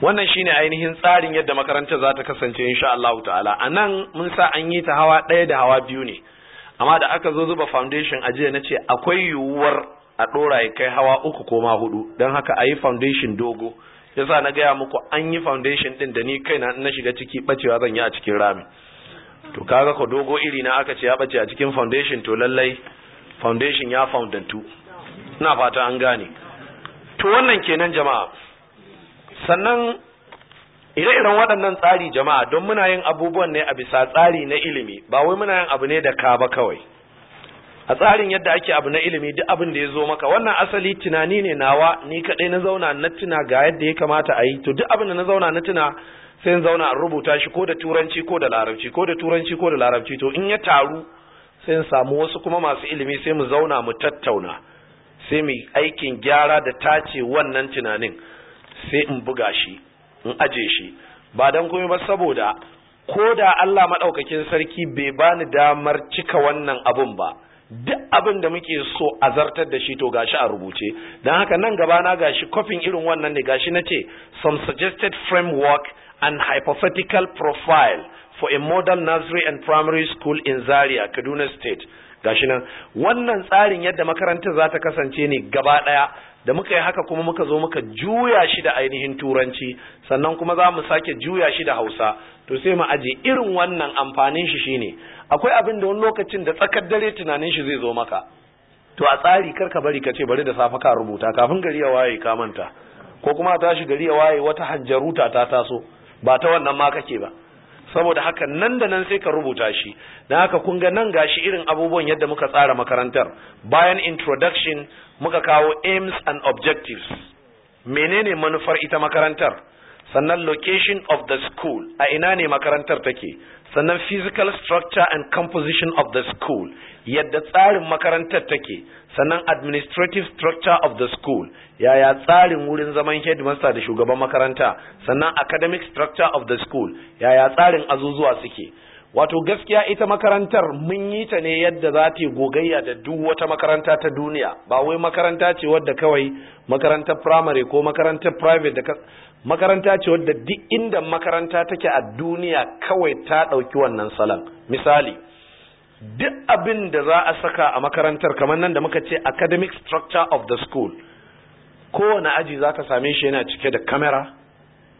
wannan shine ainihin tsarin yadda makaranta za ta kasance insha Allahu ta'ala anan mun sa an yi ta hawa ɗaya da hawa biyu ne amma da aka zo zuba foundation a jiya ce akwai yiwuwar a ɗora ya kai hawa uku ko ma hudu don haka a yi foundation dogo yasa na gaya muku an yi foundation ɗin da ni kaina na shiga ciki bacewa zan yi a cikin rami to kaga ko dogo iri na aka ce ya bace a cikin foundation to lallai foundation ya foundantu ina fata an gane to wannan kenan jama'a sannan ire-iren waɗannan tsari jama'a don muna yin abubuwan ne a bisa tsari na ilimi ba wai muna yin abu ne da ka ba kawai a tsarin yadda ake abu na ilimi duk abin da ya zo maka wannan asali tunani ne nawa ni kaɗai na zauna na tuna ga yadda ya kamata a yi to duk abin da na zauna na tuna sai in zauna in rubuta shi ko da turanci ko da larabci ko da turanci ko da larabci to in ya taru sai in samu wasu kuma masu ilimi sai mu zauna mu tattauna sai mu aikin gyara da tace wannan tunanin sai in buga shi in aje shi ba dan komai ba saboda ko da Allah madaukakin sarki bai bani damar cika wannan abun ba duk abin da muke so a zartar da shi to gashi a rubuce don haka nan gaba na gashi kofin irin wannan ne gashi na ce some suggested framework an hypothetical profile for a modern nursery and primary school in Zaria, Kaduna State. gashinan wannan tsarin yadda makarantar za ta kasance ne gaba ɗaya da muka yi haka kuma muka zo muka juya shi da ainihin turanci sannan kuma za mu sake juya shi da hausa to sai mu aje irin wannan amfanin shi shine akwai abin da wani lokacin da tsakar dare tunanin shi zai zo maka to a tsari kar ka bari ka ce bari da safe ka rubuta kafin gari ya waye ka manta ko kuma tashi gari ya waye wata hanjaruta ta taso ba ta wannan ma kake ba saboda haka nan da nan sai ka rubuta shi dan haka kun ga nan gashi irin abubuwan yadda muka tsara makarantar bayan introduction muka kawo aims and objectives menene manufar ita makarantar sannan location of the school a ina ne makarantar take sannan physical structure and composition of the school yadda tsarin makarantar take sannan administrative structure of the school yaya tsarin wurin zaman headmaster da shugaban makaranta sannan academic structure of the school yaya tsarin azuzuwa suke wato gaskiya ita makarantar mun yi ta ne yadda za ta gogayya da duk wata makaranta ta duniya ba wai makaranta ce wadda kawai makarantar primary ko makarantar private da makaranta ce wadda duk inda makaranta take a duniya kawai ta ɗauki wannan salon misali duk abin da za a saka a makarantar kamar nan da muka ce academic structure of the school kowane aji za ka same shi yana cike da kamera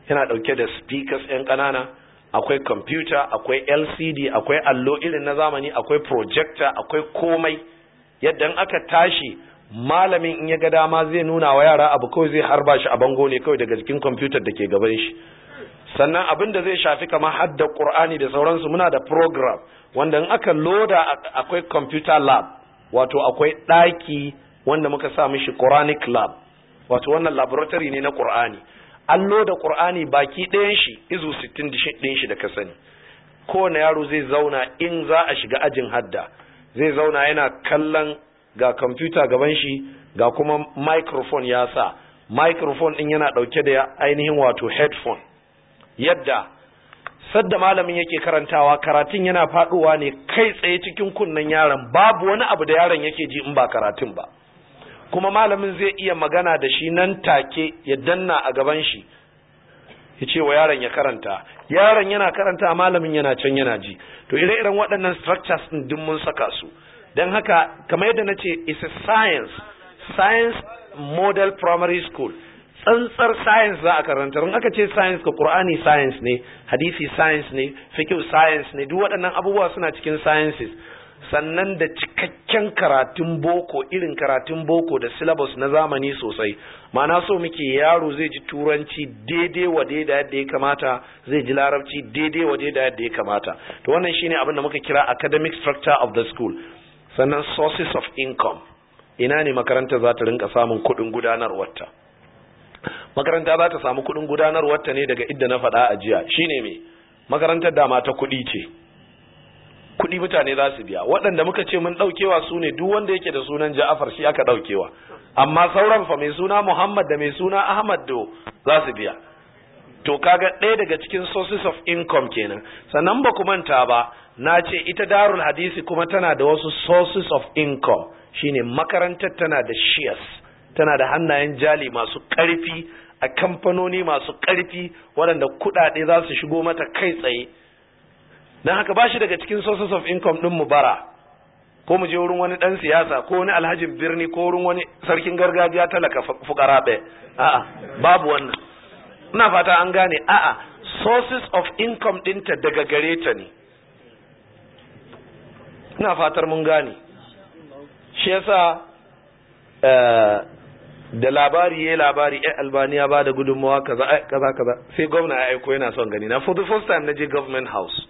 yana ɗauke da speakers 'yan ƙanana akwai computer akwai lcd akwai allo irin na zamani akwai projector akwai komai yadda aka tashi malamin in ya ga dama zai nuna wa yara abu kawai zai harba shi a bango ne kawai daga jikin kwamfutar da ke gaban shi sannan abin da zai shafi kamar hadda, ƙur'ani da sauransu muna da program wanda in aka loda akwai computer lab wato akwai ɗaki wanda muka sa mishi quranic lab wato wannan laboratory ne na ƙur'ani an loda ƙur'ani baki ɗayan shi izu 60 ɗin shi da ka sani kowane yaro zai zauna in za a shiga ajin hadda zai zauna yana kallon ga kwamfuta gaban shi ga kuma microphone ya sa microphone din yana ɗauke da ainihin wato headphone yadda sadda malamin yake karantawa karatun yana faduwa ne kai tsaye cikin kunnen yaron babu wani abu da yaron yake ji in ba karatun ba kuma malamin zai iya magana da shi nan take ya danna a gaban shi ya ce wa yaron ya karanta yaron yana karanta malamin yana can yana ji to ire-iren waɗannan structures din mun saka su don haka kamar yadda na ce is a science science model primary school tsantsar science za a karanta in aka ce science ka qur'ani science ne hadisi science ne fiqh science ne duk waɗannan abubuwa suna cikin sciences sannan da cikakken karatun boko irin karatun boko da syllabus na zamani sosai ma'ana so muke yaro zai ji turanci daidai wa daidai yadda ya kamata zai ji larabci daidai wa daidai yadda ya kamata to wannan shine abin da muka kira academic structure of the school sannan sources of income ina ne makaranta za ta rinka samun kudin gudanarwarta makaranta za ta samu kudin gudanarwarta ne daga idda na faɗa a jiya shine me makarantar dama ta kudi ce kudi mutane za su biya waɗanda muka ce mun ɗaukewa su ne duk wanda yake da sunan ja'afar shi aka ɗaukewa amma sauran fa mai suna muhammad da mai suna ahmad do za su biya to kaga ɗaya daga cikin sources of income kenan sannan ba ku manta ba na ce ita darul hadisi kuma tana da wasu sources of income shine makarantar tana da shares tana da hannayen jali masu ƙarfi a kamfanoni masu ƙarfi waɗanda kuɗaɗe za su shigo mata kai tsaye don haka ba shi daga cikin sources of income ɗin mu bara ko mu je wurin wani ɗan siyasa ko wani alhajin birni ko wurin wani sarkin gargajiya talaka fukara ɗaya a'a babu wannan ina fata an gane a'a sources of income dinta daga gare ta ne ina fatar mun gane shi yasa eh, da labari eh, ya labari ya albaniya ba da gudunmawa kaza eh, kaza kaza sai gwamna ya aiko yana son gani na for the first time na je government house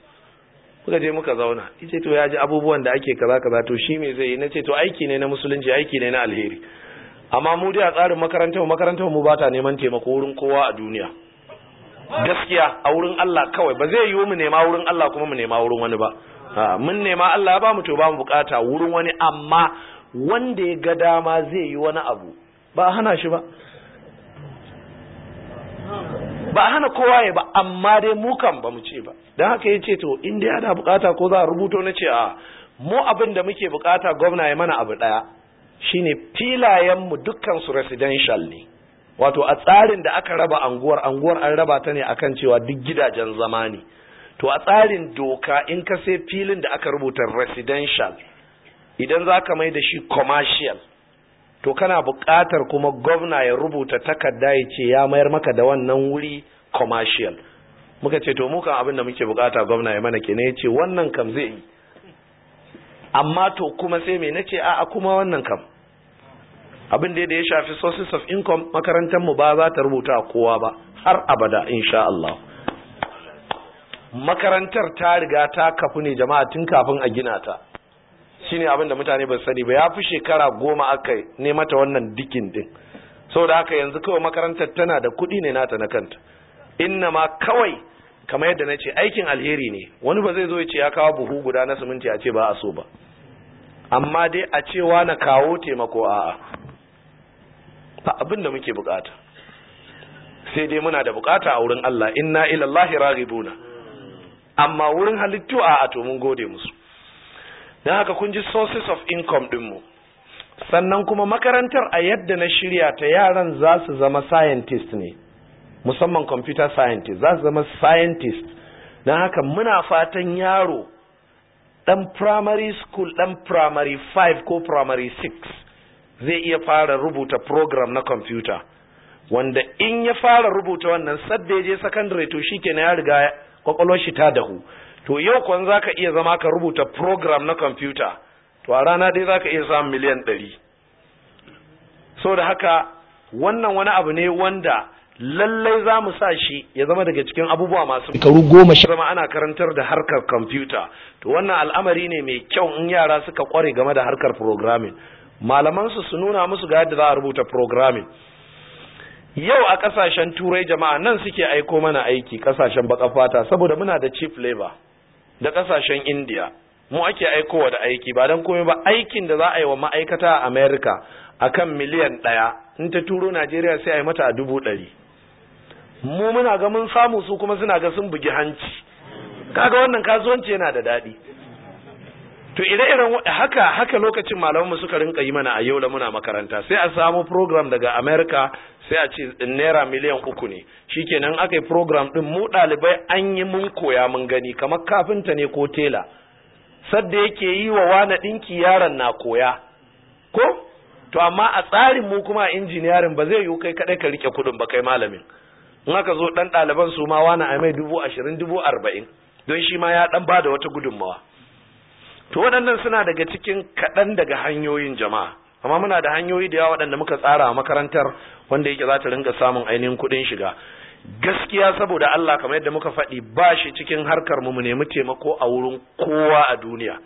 muka je muka zauna ita to ya ji abubuwan da ake kaza kaza to shi me zai yi Na ce to aiki ne na musulunci aiki ne na alheri amma mu dai a tsarin makarantar makarantar mu bata neman taimako wurin kowa a duniya gaskiya a wurin Allah kawai ba zai yiwu mu nema wurin Allah kuma mu nema wurin wani ba mun nema Allah ya mu to ba mu bukata wurin wani amma wanda ya ga dama zai yi wani abu ba hana shi ba ba hana kowa ya ba amma dai mu kan ba mu ce ba dan haka yace to in dai ana bukata ko za a rubuto na ce a mu abin da muke bukata gwamna ya mana abu daya Shi ne filayenmu dukansu residential ne wato a tsarin da aka raba anguwar anguwar an raba ta ne akan cewa duk gidajen zama ne to a tsarin doka in ka sai filin da aka rubuta residential idan za ka mai da shi commercial to kana buƙatar kuma gwamna ya rubuta takarda ya ce ya mayar maka da wannan wuri commercial muka ce to mukan abin da muke buƙata gwamna ya mana ke ne ya ce wannan kam zai yi amma to kuma sai me nace a'a kuma wannan kam abin da ya shafi sources of income makarantar mu ba za ta rubuta kowa ba har abada insha Allah makarantar ta riga ta kafu ne jama'a tun kafin a gina ta shine abin da mutane ba sani ba ya fi shekara goma aka ne mata wannan dikin din saboda haka yanzu kawai makarantar tana da kuɗi ne nata na kanta inna ma kawai kamar yadda na ce aikin alheri ne wani ba zai zo ya ce ya kawo buhu guda na siminti a ce ba a so ba amma dai a cewa na kawo taimako a'a a abin muke bukata sai dai muna da bukata a wurin Allah inna ilallahi raghibuna amma wurin halittu a'a to mun gode musu dan haka kun ji sources of income din mu sannan kuma makarantar a yadda na shirya ta yaran za su zama scientist ne musamman computer scientist za su zama scientist dan haka muna fatan yaro Ɗan primary school ɗan primary 5 ko primary 6 zai iya fara rubuta program na kwamfuta wanda in ya fara rubuta wannan sadda ya je secondary to shi ya riga kwakwalwar shi ta dahu to yau kwan ka iya zama ka rubuta program na kwamfuta to a rana dai ka iya samun miliyan ɗari. so da haka wannan wani abu ne wanda lallai za mu sa shi ya zama daga cikin abubuwa masu karu goma shi zama ana karantar da harkar kwamfuta to wannan al'amari ne mai kyau in yara suka kware game da harkar programming malaman su su nuna musu ga yadda za a rubuta programming yau a kasashen turai jama'a nan suke aiko mana aiki kasashen baka fata saboda muna da chief labor da kasashen india mu ake aikowa da aiki ba don komai ba aikin da za a yi wa ma'aikata a america akan miliyan ɗaya in ta turo najeriya sai a yi mata a dubu ɗari mu muna ga mun samu su kuma suna ga sun bugi hanci kaga wannan kasuwanci yana da daɗi to ire-iren haka haka lokacin malamanmu suka rinka yi mana a yau da muna makaranta sai a samu program daga america sai a ce naira miliyan uku ne shikenan aka yi program din mu ɗalibai an yi mun koya mun gani kamar kafinta ne ko tela sadda yake yi wa wani ɗinki yaron na koya ko to amma a tsarin mu kuma a injiniyarin ba zai yiwu kai kaɗai ka rike kuɗin ba kai malamin in zo dan ɗaliban su ma wani a mai dubu ashirin dubu arba'in don shi ma ya dan ba da wata gudunmawa to waɗannan suna daga cikin kaɗan daga hanyoyin jama'a amma muna da hanyoyi da yawa waɗanda muka tsara a makarantar wanda yake za ta rinka samun ainihin kuɗin shiga gaskiya saboda Allah kamar yadda muka faɗi ba shi cikin harkar mu mu nemi taimako a wurin kowa a duniya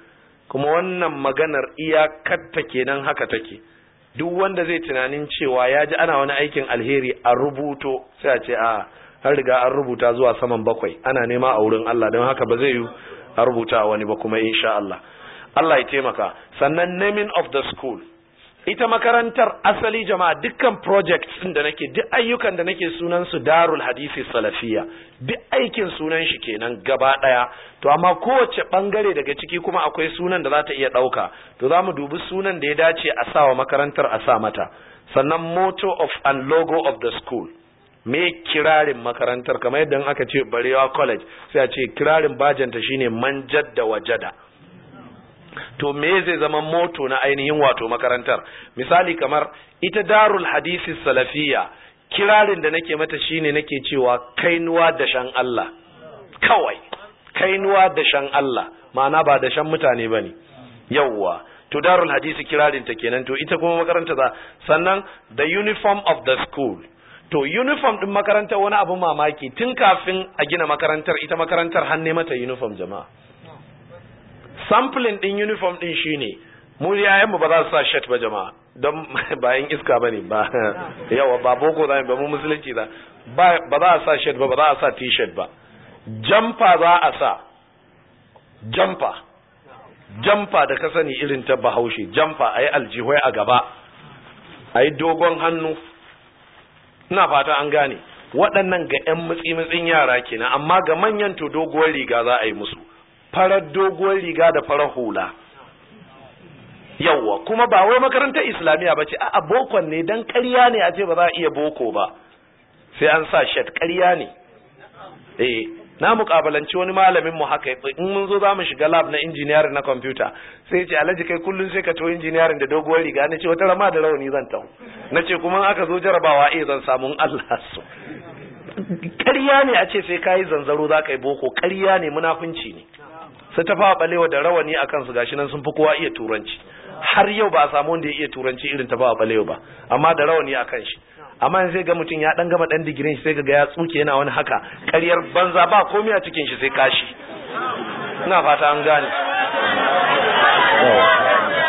kuma wannan maganar iyakar ta kenan haka take duk wanda zai tunanin cewa ya ji ana wani aikin alheri a rubuto sai a ce a ah, har riga an rubuta zuwa saman bakwai ana nema a wurin Allah don haka ba zai yi a rubuta wani ba kuma insha Allah Allah ya taimaka sannan naming of the school ita makarantar asali jama'a dukkan projects din da nake duk ayyukan da nake sunan su darul hadisi salafiya duk aikin sunan shi kenan gaba daya to amma kowace bangare daga ciki kuma akwai sunan da za ta iya dauka to za mu dubi sunan da ya dace a sawa makarantar a sa mata sannan motto of and logo of the school me kirarin makarantar kamar yadda aka ce barewa college sai a ce kirarin bajanta shine manjad da wajada to me zai zama moto na ainihin wato makarantar misali kamar ita darul hadisi salafiya kirarin da nake mata shine nake cewa kainuwa da shan Allah kawai kainuwa da shan Allah ma'ana ba da shan mutane bane yawwa to darul hadisi kirarin ta kenan to ita kuma makaranta za sannan the uniform of the school to uniform din makarantar wani abu mamaki tun kafin a gina makarantar ita makarantar hanne mata uniform jama'a samplin din uniform din shine mu yayanmu ba za su sa shirt ba jama'a don bayan iska ba ne ba yawa ba boko za ba mu musulunci za ba za a sa shirt ba ba za a sa t-shirt ba jamfa za a sa jamfa jamfa da ka sani irin ta bahaushe jamfa a yi a gaba a yi dogon hannu ina fata an gane waɗannan ga 'yan mutsi-mutsin yara kenan amma ga manyan to doguwar riga za a yi musu farar doguwar riga da farar hula yawwa kuma ba wai makarantar islamiyya ba ce a bokon ne don karya ne a ce ba za a iya boko ba sai an sa shat karya ne eh na mukabalanci wani malamin mu haka in mun zo za mu shiga lab na injiniyar na kwamfuta? sai ce alhaji kai kullun sai ka to injiniyar da doguwar riga Na ce wata rama da rawani zan Na ce kuma aka zo jarabawa eh zan samu Allah su ƙarya ne a ce sai kayi zanzaro za ka yi boko ƙarya ne munafunci ne Sai ta fawa balewa da rawani a kansu gashi nan sun fi kowa iya turanci har yau ba a samu wanda ya iya turanci irin ta tafa balewa ba amma da rawani a kan shi amma yanzu sai ga mutum ya dan gama dan digirin shi sai ga ya tsuke yana wani haka ƙaryar banza ba komai a cikin shi sai kashi ina fata an gane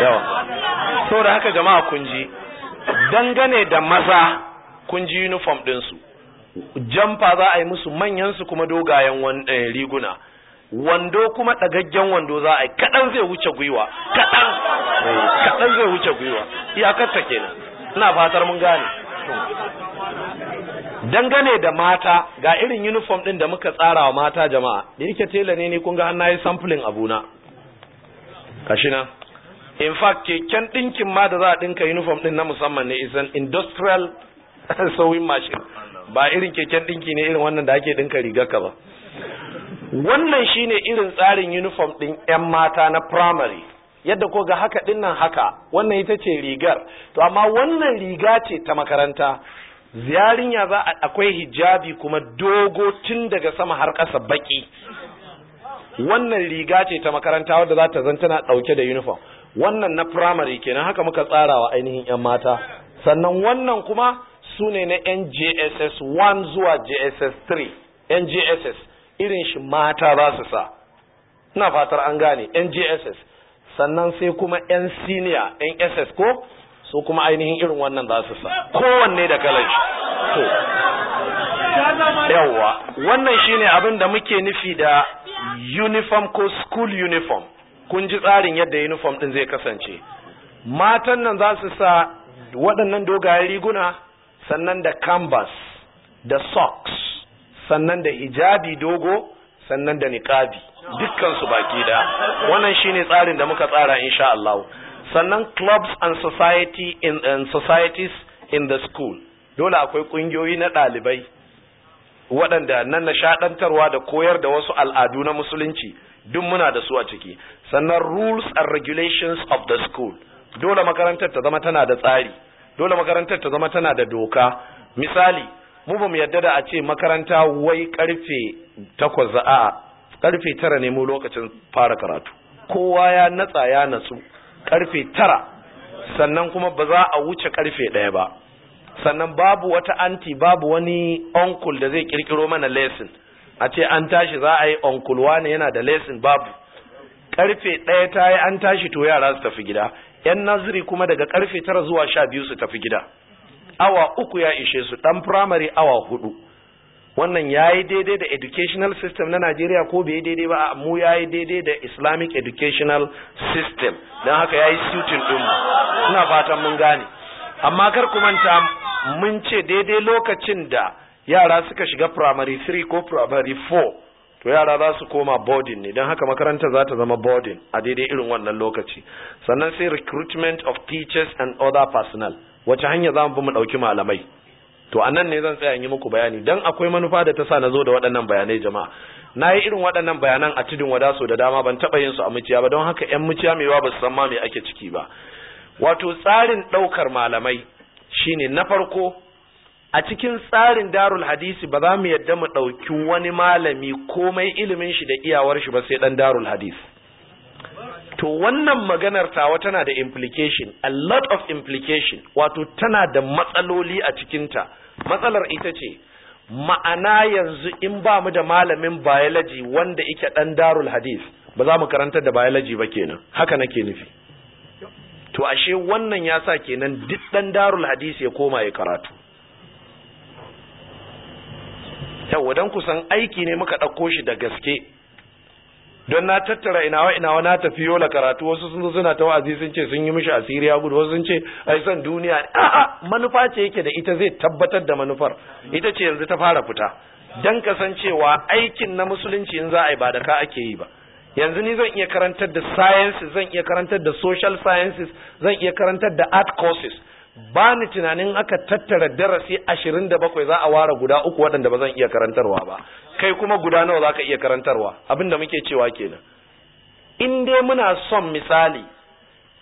yawa So da haka jama'a kun ji dangane da maza kun ji uniform su, jamfa za a yi musu manyan su kuma dogayen eh, riguna wando kuma ɗagaggen wando za a yi kaɗan zai wuce gwiwa kaɗan kaɗan zai wuce gwiwa ke kenan ina fatar mun gane dangane da mata ga irin uniform ɗin da muka tsara wa mata jama'a da yake tela ne ni kun ga na yi sampling abuna kashina in fact keken ɗinkin ma da za a ɗinka uniform ɗin na musamman ne is an industrial sewing machine ba irin keken ɗinki ne irin wannan da ake ɗinka rigar ka ba wannan shine irin tsarin uniform ɗin 'yan mata na primary yadda ko ga haka ɗin nan haka wannan ita ce rigar to amma wannan riga ce ta makaranta ya za a akwai hijabi kuma dogo tun daga sama har ƙasa baƙi. wannan riga ce ta makaranta wadda za ta zan tana ɗauke da uniform wannan na primary kenan haka muka tsara wa ainihin 'yan mata sannan wannan kuma su ne na njss 1 zuwa jss 3 njss irin shi mata za su sa ina fatar an gane yan sannan sai kuma yan senior yan ss ko su kuma ainihin irin wannan za su sa kowanne da kalan shi to yawwa wannan shine abin da muke nufi da uniform ko school uniform kun ji tsarin yadda uniform din zai kasance matan nan za su sa waɗannan dogayen riguna sannan da canvas da socks sannan da hijabi dogo sannan da niqabi dukkan su baki da wannan shine tsarin da muka tsara insha Allah sannan clubs and society in and societies in the school dole akwai kungiyoyi na dalibai waɗanda nan na shaɗantarwa da koyar da wasu al'adu na musulunci duk muna da su a ciki sannan rules and regulations of the school dole makarantar ta zama tana da tsari dole makarantar ta zama tana da doka misali mu ba mu yadda da a ce makaranta wai karfe takwas a karfe tara ne mu lokacin fara karatu kowa ya natsa ya natsu karfe tara sannan kuma ba za a wuce karfe ɗaya ba sannan babu wata anti babu wani onkul da zai kirkiro mana lesson a ce an tashi za a yi onkul Wani yana da lesson babu karfe ɗaya ta yi an tashi to yara su tafi gida yan naziri kuma daga karfe tara zuwa sha biyu su tafi gida awa uku ya ishe su dan primary awa hudu wannan yayi daidai da educational system na Najeriya ko bai daidai ba mu yayi daidai da Islamic educational system dan haka yayi yi din mu ina fatan mun gane amma kar ku manta mun ce daidai lokacin da yara suka shiga primary 3 ko primary 4 to yara za su koma boarding ne don haka makaranta za ta zama boarding a daidai irin wannan lokaci sannan sai recruitment of teachers and other personnel wace hanya za mu mu ɗauki malamai to a nan ne zan tsaya yi muku bayani don akwai manufa da ta sa na zo da waɗannan bayanai jama'a na yi irin waɗannan bayanan a tudun wada so da dama ban taɓa yin su a muciya ba don haka 'yan muciya mai ba su san ma me ake ciki ba wato tsarin ɗaukar malamai shine na farko a cikin tsarin darul hadisi ba za mu yadda mu ɗauki wani malami komai ilimin shi da iyawar shi ba sai ɗan darul hadisi to wannan maganar tawa tana da implication a lot of implication wato tana da matsaloli a cikinta matsalar ita ce ma'ana yanzu in ba mu da malamin biology wanda yake dan darul hadith ba za mu karanta da biology ba kenan haka nake nufi to ashe wannan ya sa kenan duk dan darul hadith ya koma ya karatu yau wadan kusan aiki ne muka ɗauko shi da gaske don na tattara inawa inawa na tafi yola karatu wasu sun suna ta wa'azi sun ce sun yi mishi asiri gudu wasu sun ce ai san duniya a'a manufa ce yake da ita zai tabbatar da manufar ita ce yanzu ta fara fita dan kasancewa aikin na musulunci in za a yi ba da ka ake yi ba yanzu ni zan iya karantar da sciences zan iya karantar da social sciences zan iya karantar da art courses ba ni tunanin aka tattara darasi ashirin da bakwai za a ware guda uku waɗanda ba zan iya karantarwa ba kai kuma guda nawa za ka iya karantarwa abin da muke cewa kenan in dai muna son misali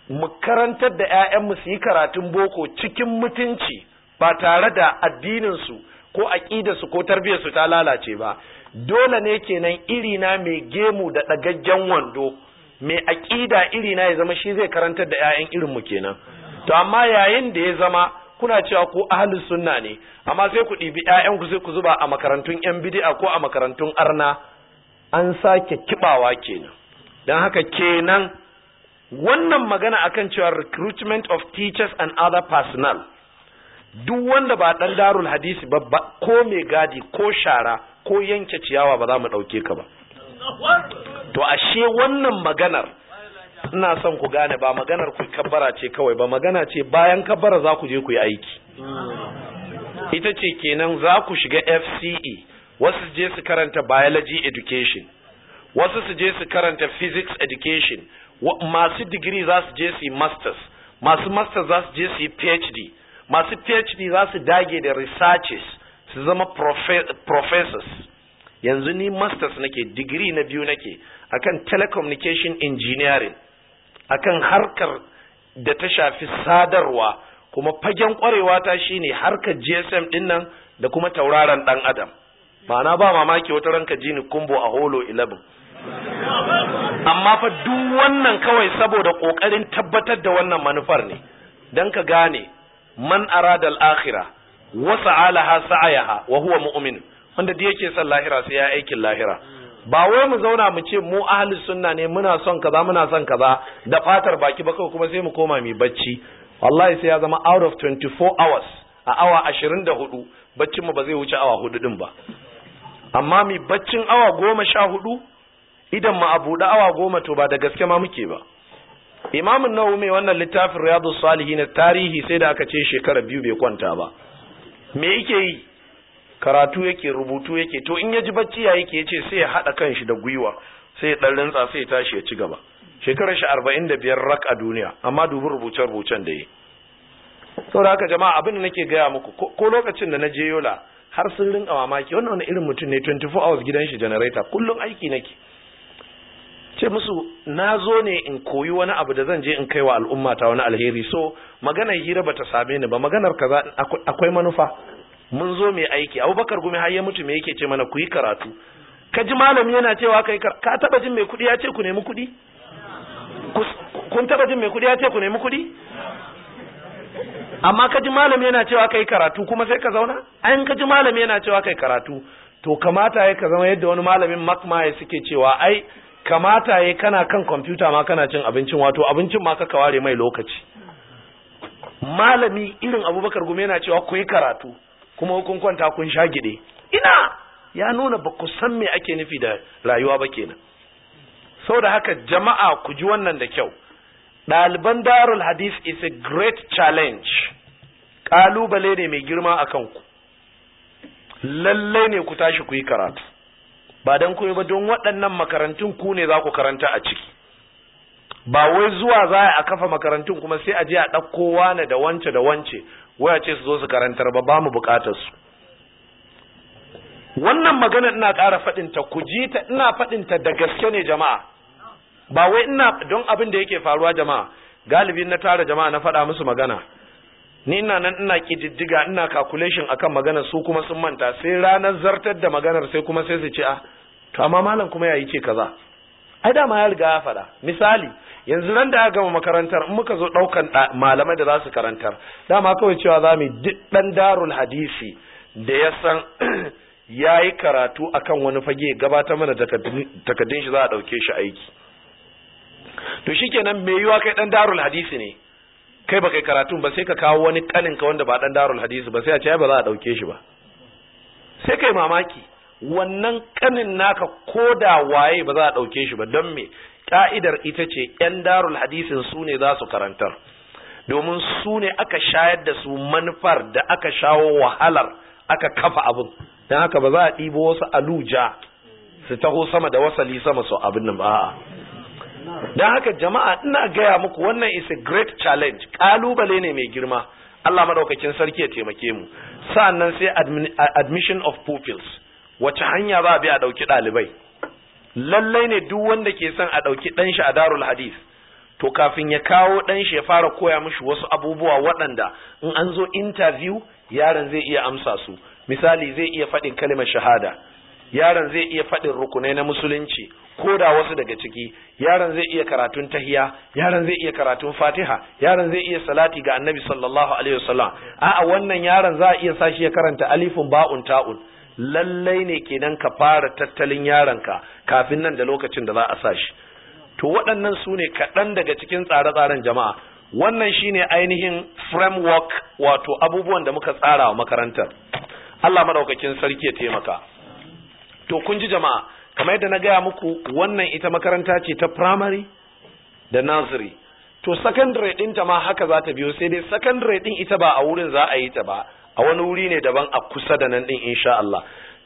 mu karantar da 'ya'yanmu su yi karatun boko cikin mutunci ba tare da addininsu ko aƙidarsu ko tarbiyyarsu ta lalace ba dole ne kenan irina mai gemu da ɗagaggen wando mai aƙida irina ya zama shi zai karantar da 'ya'yan irinmu kenan to amma yayin da ya zama kuna cewa ko ahlus sunna ne amma sai ku ɗibi ƴaƴan ku sai ku zuba a makarantun 'yan bid'a ko a makarantun arna an sake kibawa kenan dan haka kenan wannan magana akan cewa recruitment of teachers and other personnel duk wanda ba dan darul hadisi ba ko mai gadi ko shara ko yanke ciyawa ba za mu dauke ka ba to ashe wannan maganar ina son ku gane ba maganar ku kabbara ce kawai ba magana ce bayan kabbara za ku je ku yi aiki ita ce kenan za ku shiga FCE wasu je su karanta biology education wasu su je su karanta physics education masu digiri za su je su yi masters masu masters za su je su yi PhD masu PhD za su dage da researches su zama professors yanzu ni masters nake digiri na biyu nake akan telecommunication engineering akan harkar da ta shafi sadarwa kuma fagen kwarewa ta shine harkar GSM din da kuma tauraron dan adam ma'ana ba mamaki wata ranka ji ni kumbo a holo 11 amma fa duk wannan kawai saboda kokarin tabbatar da wannan manufar ne dan ka gane man aradal akhirah wa sa'alaha sa'ayaha wa huwa mu'min wanda da yake son lahira sai ya aikin lahira ba wai mu zauna mu ce mu ahli sunna ne muna son kaza muna son kaza da fatar baki ba kuma sai mu koma mai bacci wallahi sai ya zama out of 24 hours a awa 24 baccin mu ba zai wuce awa hudu din ba amma mai baccin awa goma sha hudu idan mu a buɗe awa goma to ba da gaske ma muke ba Imamin nawu mai wannan littafin Riyadus salihi na tarihi sai da aka ce shekara biyu bai kwanta ba me yake yi karatu yake rubutu yake to in ya ji bacci ya yake yace sai ya hada shi da gwiwa sai ya dan rantsa sai ya tashi ya ci gaba shekarar shi 45 rak a duniya amma dubi rubuce rubucen da yi saboda haka jama'a abin da nake gaya muku ko lokacin da na je yola har sun rinka mamaki wannan wani irin mutum ne 24 hours gidan shi generator kullum aiki nake ce musu na zo ne in koyi wani abu da zan je in kai wa al'umma ta wani alheri so maganar hira bata same ni ba maganar kaza akwai manufa mun zo mai aiki abubakar gumi har ya mutu me yake ce mana ku yi karatu ka ji malami yana cewa kai ka taba jin mai kuɗi ya ce ku nemi kuɗi kun taba jin mai kuɗi ya ce ku nemi kuɗi amma ka ji malami yana cewa ka yi karatu kuma sai ka zauna an ka ji malami yana cewa ka yi karatu to kamata ya ka zama yadda wani malamin makma ya suke cewa ai kamata ya kana kan kwamfuta ma kana cin abincin wato abincin ma ka ware mai lokaci malami irin abubakar Gumi yana cewa ku yi karatu kuma kun kwanta kun sha gide ina ya nuna ba ku san me ake nufi da rayuwa ba kenan saboda haka jama'a ku ji wannan da kyau ɗaliban darul hadith is a great challenge ƙalubale ne mai girma a ku. lallai ne ku tashi ku yi karatu ba don kuma ba don waɗannan makarantun ku ne za ku karanta a ciki ba wai zuwa za a kafa makarantun kuma sai a je a ɗauko wane da wance da wance waya ce su zo su karantar ba ba mu bukatar su wannan magana ina ƙara faɗinta ku ji ta ina faɗinta da gaske ne jama'a ba wai ina don abin da yake faruwa jama'a galibi na tara jama'a na faɗa musu magana ni ina nan ina kididdiga ina calculation akan magana su kuma sun manta sai ranar zartar da maganar sai kuma sai su ce a ah, to amma malam kuma yayi ce kaza ai dama ya riga ya faɗa misali yanzu nan da aka gama makarantar in muka zo daukan malamai da za su karantar dama kawai cewa za mu duk dan darul hadisi da ya san ya yi karatu akan wani fage gabatar mana takaddun shi za a dauke shi aiki to shi shikenan me yiwa kai dan darul hadisi ne kai ba kai karatun ba sai ka kawo wani kanin ka wanda ba dan darul hadisi ba sai a ce ba za a dauke shi ba sai kai mamaki wannan kanin naka koda waye ba za a dauke shi ba don me ka'idar ita ce yan darul hadisin su ne za su karantar domin su ne aka shayar da su manufar da aka shawo wahalar aka kafa abin don haka ba za a ɗibo wasu aluja su taho sama da wasali sama su abin nan ba don haka jama'a ina gaya muku wannan is a great challenge Ƙalubale ne mai girma Allah madaukakin sarki ya taimake mu sa'annan sai admission of pupils wace hanya ba a bi a ɗauki ɗalibai lallai ne duk wanda ke son a ɗauki ɗan shi a darul hadis to kafin ya kawo ɗanshi ya fara koya mashi wasu abubuwa waɗanda in an zo interview yaron zai iya amsa su misali zai iya faɗin kalimar shahada yaron zai iya faɗin rukunai na musulunci ko da wasu daga ciki yaron zai iya karatun tahiya yaron zai iya karatun fatiha yaron zai iya salati ga annabi sallallahu alaihi wasallam a'a wannan yaron za a iya sashi ya karanta alifun ba'un ta'un lallai ne kenan ka fara tattalin yaronka kafin nan da lokacin da za a sa shi to waɗannan su ne kaɗan daga cikin tsare-tsaren jama'a wannan shi ne ainihin framework wato abubuwan da muka tsara wa makarantar Allah madaukakin sarki ya taimaka to kun ji jama'a kamar yadda na gaya muku wannan ita makaranta ce ta primary da nursery to secondary ɗinta ma haka za ta biyo sai dai secondary ɗin ita ba a wurin za a yi ta ba a wani wuri ne daban a kusa da nan din insha Allah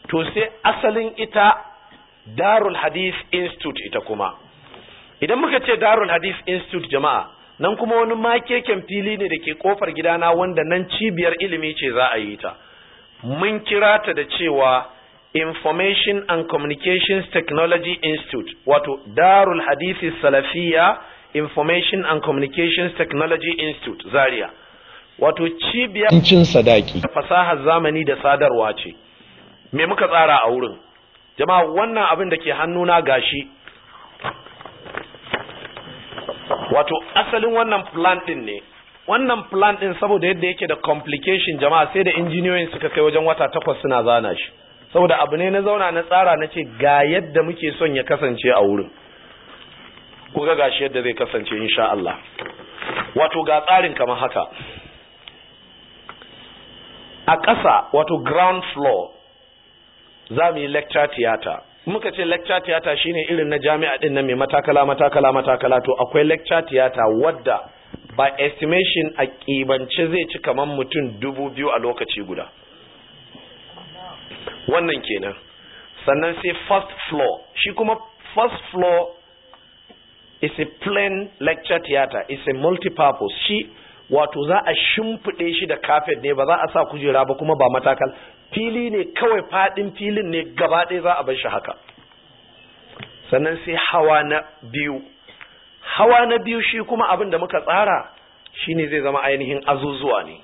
to sai asalin ita Darul Hadith Institute ita kuma idan muka ce Darul Hadith Institute jama'a nan kuma wani makeken fili ne da ke kofar gidana wanda nan cibiyar ilimi ce za a yi ta mun kira ta da cewa Information and Communications Technology Institute wato Darul Hadith Salafiyya Information and Communications Technology Institute Zaria wato cibiyar cin sadaki fasahar zamani da sadarwa ce me muka tsara a wurin jama'a wannan abin da ke hannuna gashi wato asalin wannan plan din ne wannan plan din saboda yadda yake da complication jama'a sai da injiniyoyin suka kai wajen wata takwas suna zana shi saboda abu ne na zauna na tsara na ce ga yadda muke son ya kasance a wurin ku ga gashi yadda zai kasance insha Allah wato ga tsarin kamar haka a ƙasa wato ground floor za mu yi lecture theater muka ce lecture theater shine irin na jami'a din nan mai matakala matakala matakala to akwai lecture theater wadda by estimation a kibance zai ci kamar mutum dubu biyu a lokaci guda wannan kenan sannan sai first floor shi kuma first floor is a plain lecture theater is a multi-purpose shi wato za a shimfiɗe shi da kafet ne ba za a sa kujera ba kuma ba matakal fili ne kawai faɗin filin ne gaba ɗaya za a bar shi haka sannan sai hawa na biyu hawa na biyu shi kuma abin da muka tsara shi ne zai zama ainihin azuzuwa ne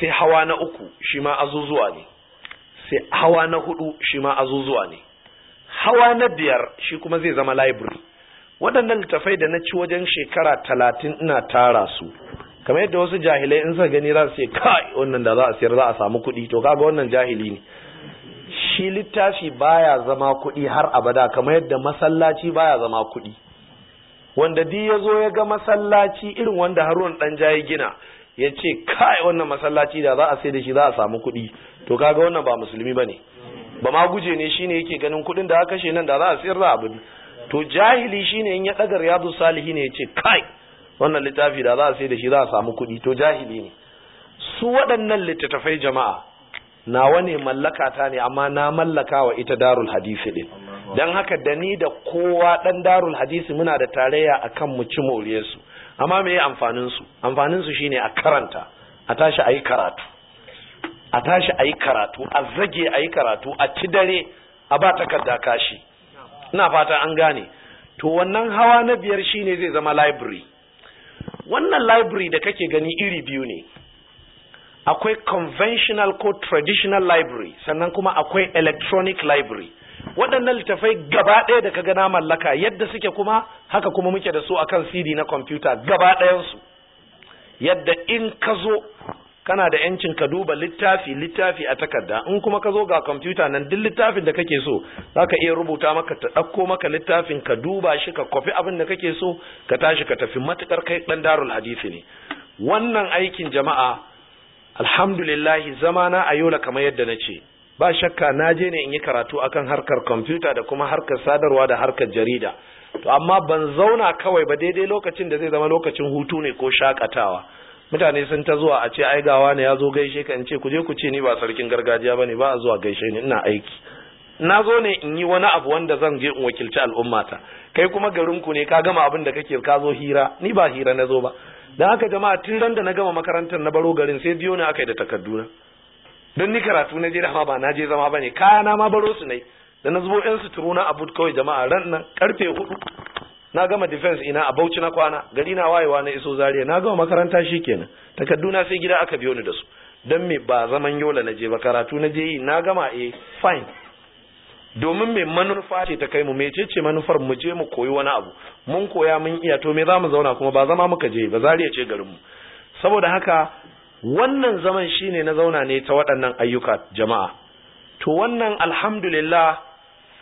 sai hawa na uku shi ma azuzuwa ne sai hawa na hudu shi ma azuzuwa ne hawa na biyar shi kuma zai zama library waɗannan littafai da na ci wajen shekara talatin ina tara su kamar yadda wasu jahilai in sa gani za su ce kai wannan da za a siyar za a samu kuɗi to kaga wannan jahili ne shi littafi baya zama kuɗi har abada kamar yadda masallaci baya zama kuɗi wanda di ya zo ya ga masallaci irin wanda harun ɗan jayi gina ya ce kai wannan masallaci da za a sai da shi za a samu kuɗi to kaga wannan ba musulmi ba ne ba ma guje ne shine yake ganin kuɗin da aka kashe nan da za a sayar za a bi to jahili shine in ya ɗagar riyadu salihi ne ya ce kai wannan littafi da za a sai da shi za a samu kuɗi to jahili ne su waɗannan littattafai jama'a nawa ne mallaka ta ne amma na mallaka wa ita darul hadisi din don haka da ni da kowa ɗan darul hadisi muna da tarayya akan mu ci moriyarsu amma me amfaninsu amfaninsu shine a karanta a tashi a yi karatu a tashi a yi karatu a zage a yi karatu a ci dare a ba takarda kashi ina fata an gane to wannan hawa na biyar shine zai zama library wannan library da kake gani iri biyu ne akwai conventional ko traditional library sannan kuma akwai electronic library waɗannan littafai gaba ɗaya da kaga na mallaka yadda suke kuma haka kuma muke da su akan cd na kwamfuta gaba ɗayansu yadda in ka zo kana da yancin ka duba littafi littafi a takarda in kuma ka zo ga kwamfuta nan duk littafin da kake so za ka iya rubuta maka ta ɗauko maka littafin ka duba shi ka kwafi abin da kake so ka tashi ka tafi matukar kai ɗan darul hadisi ne wannan aikin jama'a zama na, a yola kamar yadda na ce ba shakka na je ne in yi karatu akan harkar kwamfuta da kuma harkar sadarwa da harkar jarida to amma ban zauna kawai ba daidai lokacin da zai zama lokacin hutu ne ko shakatawa mutane sun ta zuwa a ce ai gawa ne ya zo gaishe ka in ce ku je ku ce ni ba sarkin gargajiya bane ba a zuwa gaishe ni ina aiki na zo ne in yi wani abu wanda zan je in wakilci al'ummata kai kuma garin ku ne ka gama abin da kake ka zo hira ni ba hira na zo ba dan haka jama'a tun ran da na gama makarantar na baro garin sai biyo ni akai da takarduna dan ni karatu na je da ma ba na je zama bane kaya na ma baro su ne da na zubo yan suturu na abud kawai jama'a ran nan karfe hudu na gama defense ina a Bauchi na kwana gari na wayewa na iso Zariya. na gama makaranta shikenan takarduna sai gida aka biyo ni da su dan me ba zaman yola na je ba karatu na je yi na gama eh fine domin me manufa ce ta kai mu ce manufar mu je mu koyi wani abu mun koya mun iya to me mu zauna kuma ba zama muka je ba Zariya ce garin mu saboda haka wannan zaman shine na zauna ne ta waɗannan ayyuka jama'a to wannan alhamdulillah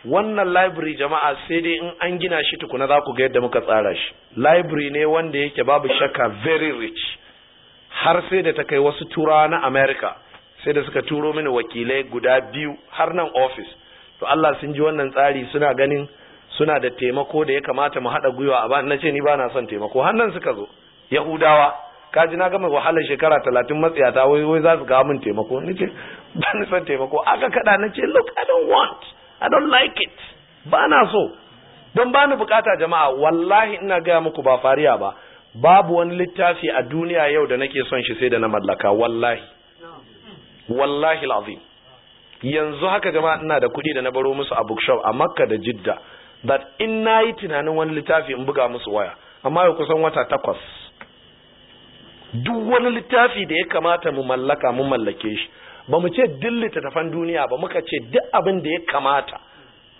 wannan library jama'a sai dai in an gina shi tukuna za ku ga yadda muka tsara shi library ne wanda yake babu shakka very rich har sai da ta kai wasu tura na america sai da suka turo mini wakilai guda biyu har nan office to Allah sun ji wannan tsari suna ganin suna da taimako da ya kamata mu haɗa gwiwa a ba na ce ni ba na son taimako har nan suka zo yahudawa ka ji na gama wahalar shekara talatin matsiyata wai wai za su ga min taimako ni ce ba ni son taimako aka kaɗa na ce look I don't want I don't like it ba na so don ba ni bukata jama'a wallahi ina gaya muku ba fariya ba babu wani littafi a duniya yau da nake son shi sai da na mallaka wallahi wallahi alazim yanzu haka jama'a ina da kuɗi da na baro musu a bookshop a makka da jidda that in na yi tunanin wani littafi in buga musu waya amma yau kusan wata takwas duk wani littafi da ya kamata mu mallaka mu mallake shi ba mu ce duk littattafan duniya ba muka ce duk abin da ya kamata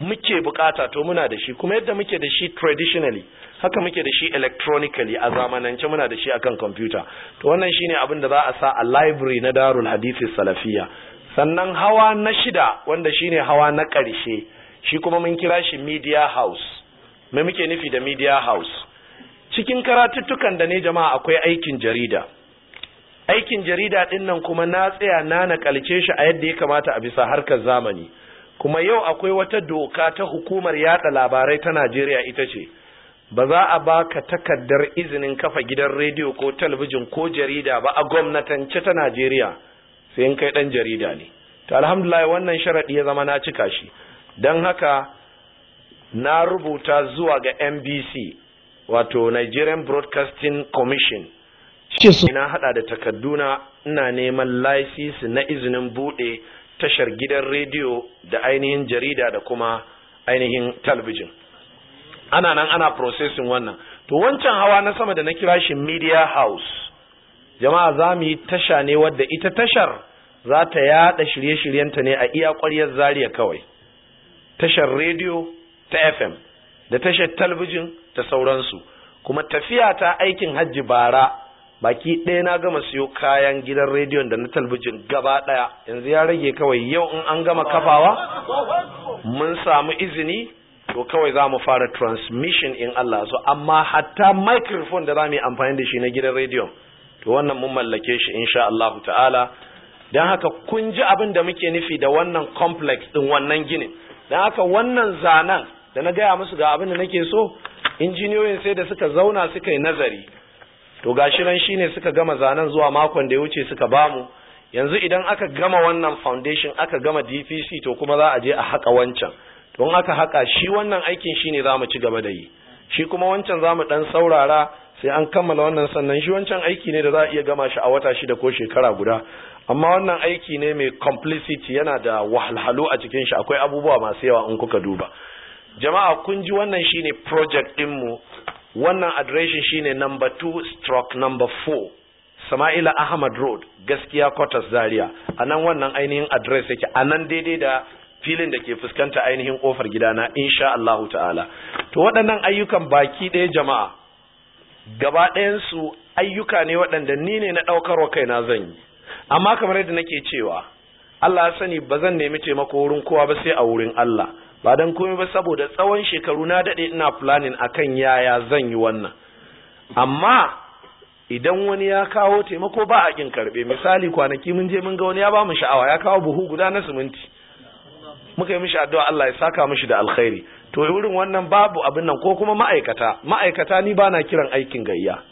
muke bukata to muna da shi kuma yadda muke da shi traditionally haka muke da shi electronically a zamanance muna da shi akan computer to wannan shine abin da za a sa a library na Darul Hadith salafiya sannan hawa na shida wanda shine hawa na karshe shi kuma mun kira shi media house me muke nufi da media house cikin karatuttukan da ne jama'a akwai aikin jarida aikin jarida ɗin nan kuma na tsaya na nakalce shi a yadda ya kamata a bisa harkar zamani kuma yau akwai wata doka ta hukumar yada labarai ta Najeriya ita ce ba za a baka takardar izinin kafa gidan rediyo ko talabijin ko jarida ba a gwamnatance ta Najeriya sai in kai dan jarida ne to alhamdulillah wannan sharadi ya zama na cika shi dan haka na rubuta zuwa ga NBC wato Nigerian Broadcasting Commission ce su ina hada da takadduna ina neman laisisi na izinin bude tashar gidan rediyo da ainihin jarida da kuma ainihin talbijin ana nan ana processing wannan to wancan hawa na sama da na kira shi media house jama'a za mu yi tasha ne wadda ita tashar za ta yada shirye-shiryenta ne a iya ƙwaryar zariya kawai tashar rediyo ta fm da tashar talbijin ta sauransu kuma tafiya ta aikin hajji bara baki ɗaya na gama siyo kayan gidan rediyon da na talbijin gaba ɗaya yanzu ya rage kawai yau in an gama kafawa mun samu izini to kawai za mu fara transmission in Allah so amma hatta microphone da za mu yi amfani da shi na gidan rediyon to wannan mun mallake shi insha Allah ta'ala don haka kun ji abin da muke nufi da wannan complex ɗin wannan ginin don haka wannan zanen da na gaya musu ga abin da nake so injiniyoyin sai da suka zauna suka yi nazari to gashi nan shine suka gama zanen zuwa makon da ya wuce suka bamu yanzu idan aka gama wannan foundation aka gama DPC to kuma za a je a haka wancan to in aka haka shi wannan aikin shine zamu ci gaba da yi shi kuma wancan zamu dan saurara sai an kammala wannan sannan shi wancan aiki ne da za a iya gama shi a wata shida ko shekara guda amma wannan aiki ne mai complicity yana da wahalhalu a cikin shi akwai abubuwa masu yawa in kuka duba jama'a kun ji wannan shine project din mu wannan adireshin shine number 2 stroke number 4 Sama'ila Ahmad Road gaskiya Quarters Zaria A nan wannan ainihin adres yake A nan daidai da filin da ke fuskanta ainihin kofar gidana insha Allahu ta'ala to waɗannan ayyukan baki ɗaya jama'a gaba ɗayansu ayyuka ne waɗanda ni ne na ɗaukarwa kaina zan yi amma kamar yadda nake cewa Allah ya sani ba zan nemi taimako wurin kowa ba sai a wurin Allah ba don komai ba saboda tsawon shekaru na daɗe ina planning akan yaya zan yi wannan amma idan wani ya kawo taimako ba a kin karɓe misali kwanaki mun je mun ga wani ya ba mu sha'awa ya kawo buhu guda na siminti muka yi mishi addu'a Allah ya saka mishi da alkhairi to wurin wannan babu abin nan ko kuma ma'aikata ma'aikata ni ba na kiran aikin gayya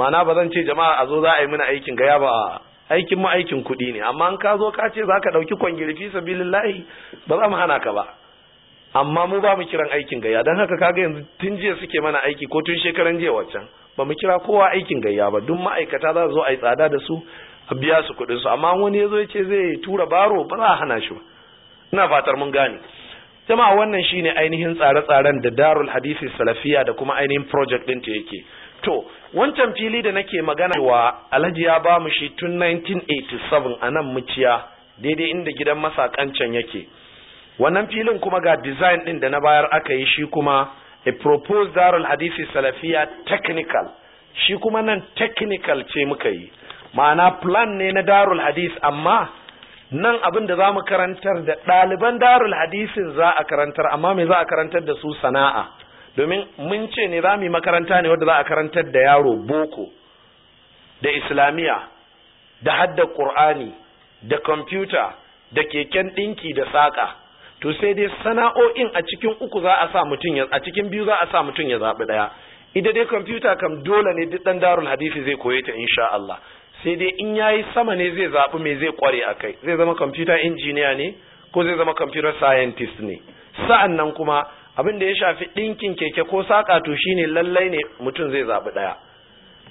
ma'ana ba zan ce jama'a a zo za a yi mana aikin gayya ba aikin ma'aikin kuɗi ne amma in ka zo ka ce za ka ɗauki kwangirfi sabilillahi ba za mu hana ka ba amma mu ba mu kiran aikin gayya don haka kaga yanzu tun jiya suke mana aiki ko tun shekaran jiya waccan ba mu kira kowa aikin gayya ba duk ma'aikata za su zo a yi tsada da su a biya su kuɗin su amma wani ya zo ya ce zai tura baro ba za a hana shi ba ina fatar mun gane jama'a wannan shine ainihin tsare-tsaren da darul hadisi salafiya da kuma ainihin project ɗin ta yake to wancan fili da nake magana wa alhaji ya ba mu shi tun 1987 a nan muciya daidai inda gidan masa-kancan yake wannan filin kuma ga design din da na bayar aka yi shi kuma a proposed darul hadisi salafiya technical shi kuma nan technical ce muka yi ma'ana plan ne na darul hadis amma nan abin da za mu karantar da ɗaliban darul hadisin za a karantar amma me za a karantar da su sana'a domin mun ce ne za mu yi makaranta ne wadda za a karantar da yaro boko da islamiyya da hadda ƙur'ani da kwamfuta da keken ɗinki da saƙa to sai dai sana'o'in a cikin uku za a sa mutum a cikin biyu za a sa mutum ya zabi ɗaya. Ida dai kwamfuta kam dole ne duk dan darul hadisi zai koye ta insha Allah sai dai in yayi sama ne zai zabi me zai kware kai. zai zama computer injiniya ne ko zai zama computer scientist ne Sa'an nan kuma abin da ya shafi ɗinkin keke ko saka to shine lallai ne mutum zai zabi ɗaya.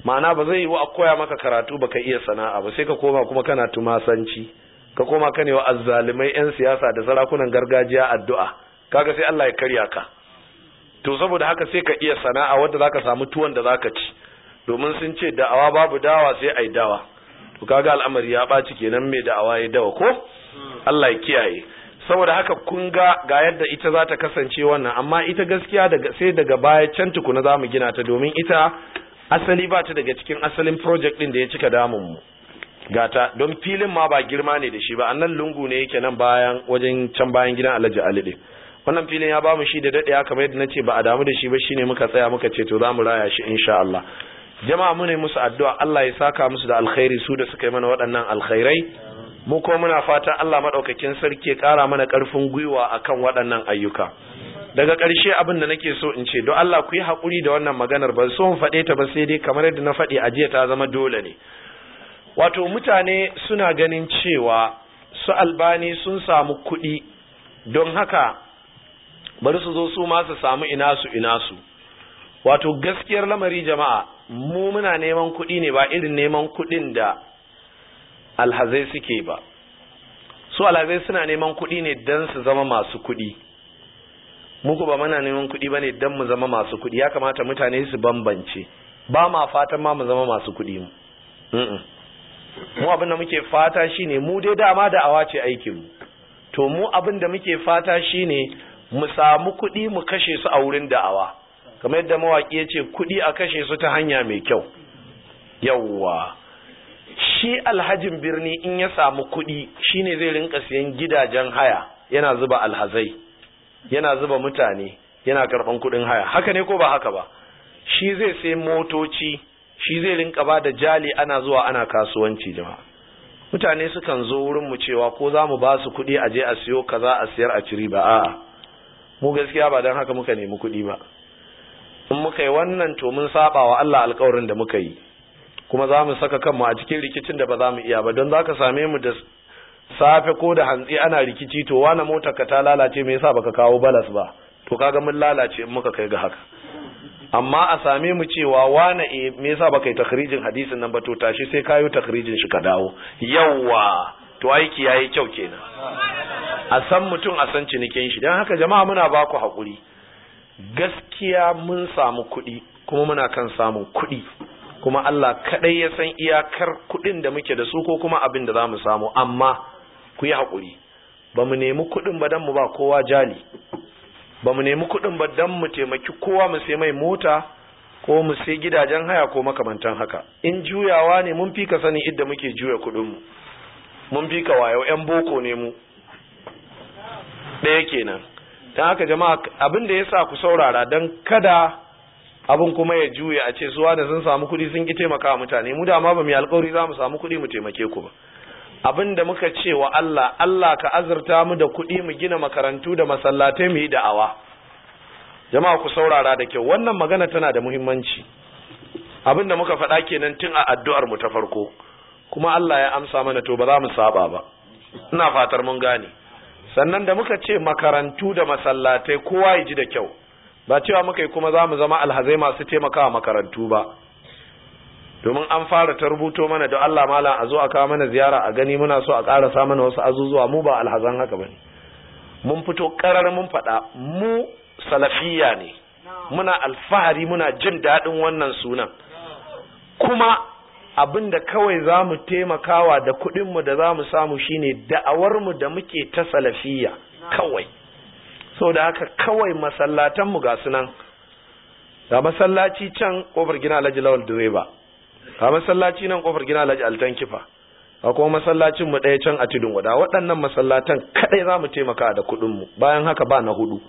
ma'ana ba zai yi wa a koya maka karatu baka iya sana'a ba sai ka koma kuma kana tumasanci ka koma ka ne wa azzalimai yan siyasa da sarakunan gargajiya addu'a kaga sai Allah ya karya ka to saboda haka sai ka iya sana'a wadda zaka samu tuwon da zaka ci domin sun ce da'awa babu dawa sai ai dawa to kaga al'amari ya baci kenan mai da'awa ya dawa ko Allah ya kiyaye saboda haka kun ga ga yadda ita za ta kasance wannan amma ita gaskiya daga sai daga baya can tukuna zamu gina ta domin ita asali ba ta daga cikin asalin project din da ya cika damun mu gata don filin ma ba girma ne da shi ba annan lungu ne yake nan bayan wajen can bayan gidan alhaji ali din wannan filin ya bamu shi da dade kamar yadda nace ba a damu da shi ba shine muka tsaya muka ce to zamu raya shi insha Allah jama'a mu ne musu addu'a Allah ya saka musu da alkhairi su da suka yi mana waɗannan alkhairai mu ko muna fata Allah madaukakin sarki ya ƙara mana ƙarfin gwiwa akan waɗannan ayyuka daga ƙarshe abin da nake so in ce don Allah ku yi haƙuri da wannan maganar ba so in faɗe ta ba sai dai kamar yadda na faɗi a jiya ta zama dole ne wato mutane suna ganin cewa su albani sun samu kuɗi don haka bari su zo su ma su samu ina su ina su wato gaskiyar lamari jama'a mu muna neman kuɗi ne ba irin neman kuɗin da alhazai suke ba su alhazai suna neman kuɗi ne don su zama masu kuɗi muku ba mana neman kuɗi ba ne don mu zama masu kuɗi ya kamata mutane su bambance ba ma fatan ma mu zama masu kuɗi mu mu abin da muke fata shine mu dai dama da awa ce aikin mu to mu abin da muke fata shine mu samu kuɗi mu kashe su a wurin da'awa kamar yadda mawaƙi ya ce kuɗi a kashe su ta hanya mai kyau yawwa shi alhajin birni in ya samu kuɗi shine zai rinka siyan gidajen haya yana zuba alhazai yana zuba mutane yana karɓan kuɗin haya haka ne ko ba haka ba shi zai sai motoci shi zai rinka ba da jali ana zuwa ana kasuwanci jama'a mutane sukan zo wurin mu cewa ko za mu ba su kuɗi a je a siyo kaza a siyar a ciri ba a'a mu gaskiya ba don haka muka nemi kuɗi ba in muka yi wannan to mun saba wa Allah alƙawarin da muka yi kuma za mu saka kanmu a cikin rikicin da ba za mu iya ba don za ka same mu da safe ko da hantsi ana rikici to wani motar ka ta lalace me yasa baka kawo balas ba to kaga mun lalace in muka kai ga haka amma a same mu cewa wane e me yasa baka yi takhrijin hadisin nan ba to tashi sai kayo takhrijin shi ka dawo yawa to aiki yayi kyau kenan a san mutum a san cinikin shi dan haka jama'a muna ba ku hakuri gaskiya mun samu kuɗi kuma muna kan samun kuɗi kuma Allah kadai ya san iyakar kuɗin da muke da su ko kuma abin da zamu samu amma ku yi hakuri ba mu nemi kuɗin ba dan mu ba kowa jali ba mu nemi kuɗin ba dan mu taimaki kowa mu sai mai mota ko mu sai gidajen haya ko makamantan haka in juyawa ne mun fi sani idda muke juya kuɗinmu mun fi ka wayo 'yan boko ne mu ɗaya kenan dan haka jama'a abin da ya sa ku saurara dan kada abin kuma ya juya a ce suwa da sun samu kuɗi sun ki taimaka mutane mu da ma ba mu yi alkawari za mu samu kuɗi mu taimake ku ba abin da muka ce wa Allah Allah ka azurta mu da kuɗi mu gina makarantu da masallatai mu yi da'awa jama'a ku saurara da kyau wannan magana tana da muhimmanci abin da muka faɗa kenan tun a addu'ar mu ta farko kuma Allah ya amsa mana to ba za mu saba ba ina fatar mun gane sannan da muka ce makarantu da masallatai kowa ya ji da kyau ba cewa muka yi kuma za mu zama alhazai masu taimakawa makarantu ba domin an fara ta rubuto mana da Allah malam a zo a kawo mana ziyara a gani muna so a ƙarasa mana wasu azuzuwa mu ba alhazan haka ne. mun fito ƙarar mun faɗa mu salafiya ne muna alfahari muna jin daɗin wannan sunan kuma abin da kawai za mu taimakawa da kuɗinmu da za mu samu shine da'awarmu da muke ta salafiya kawai so da haka kawai masallatanmu ga sunan ga masallaci can ƙofar gina alhaji lawal direba a masallaci nan kofar gina alhaji altanki kifa a kuma masallacin mu ɗaya can a tudun wada waɗannan masallatan kaɗai za mu taimaka da kuɗin mu bayan haka ba na hudu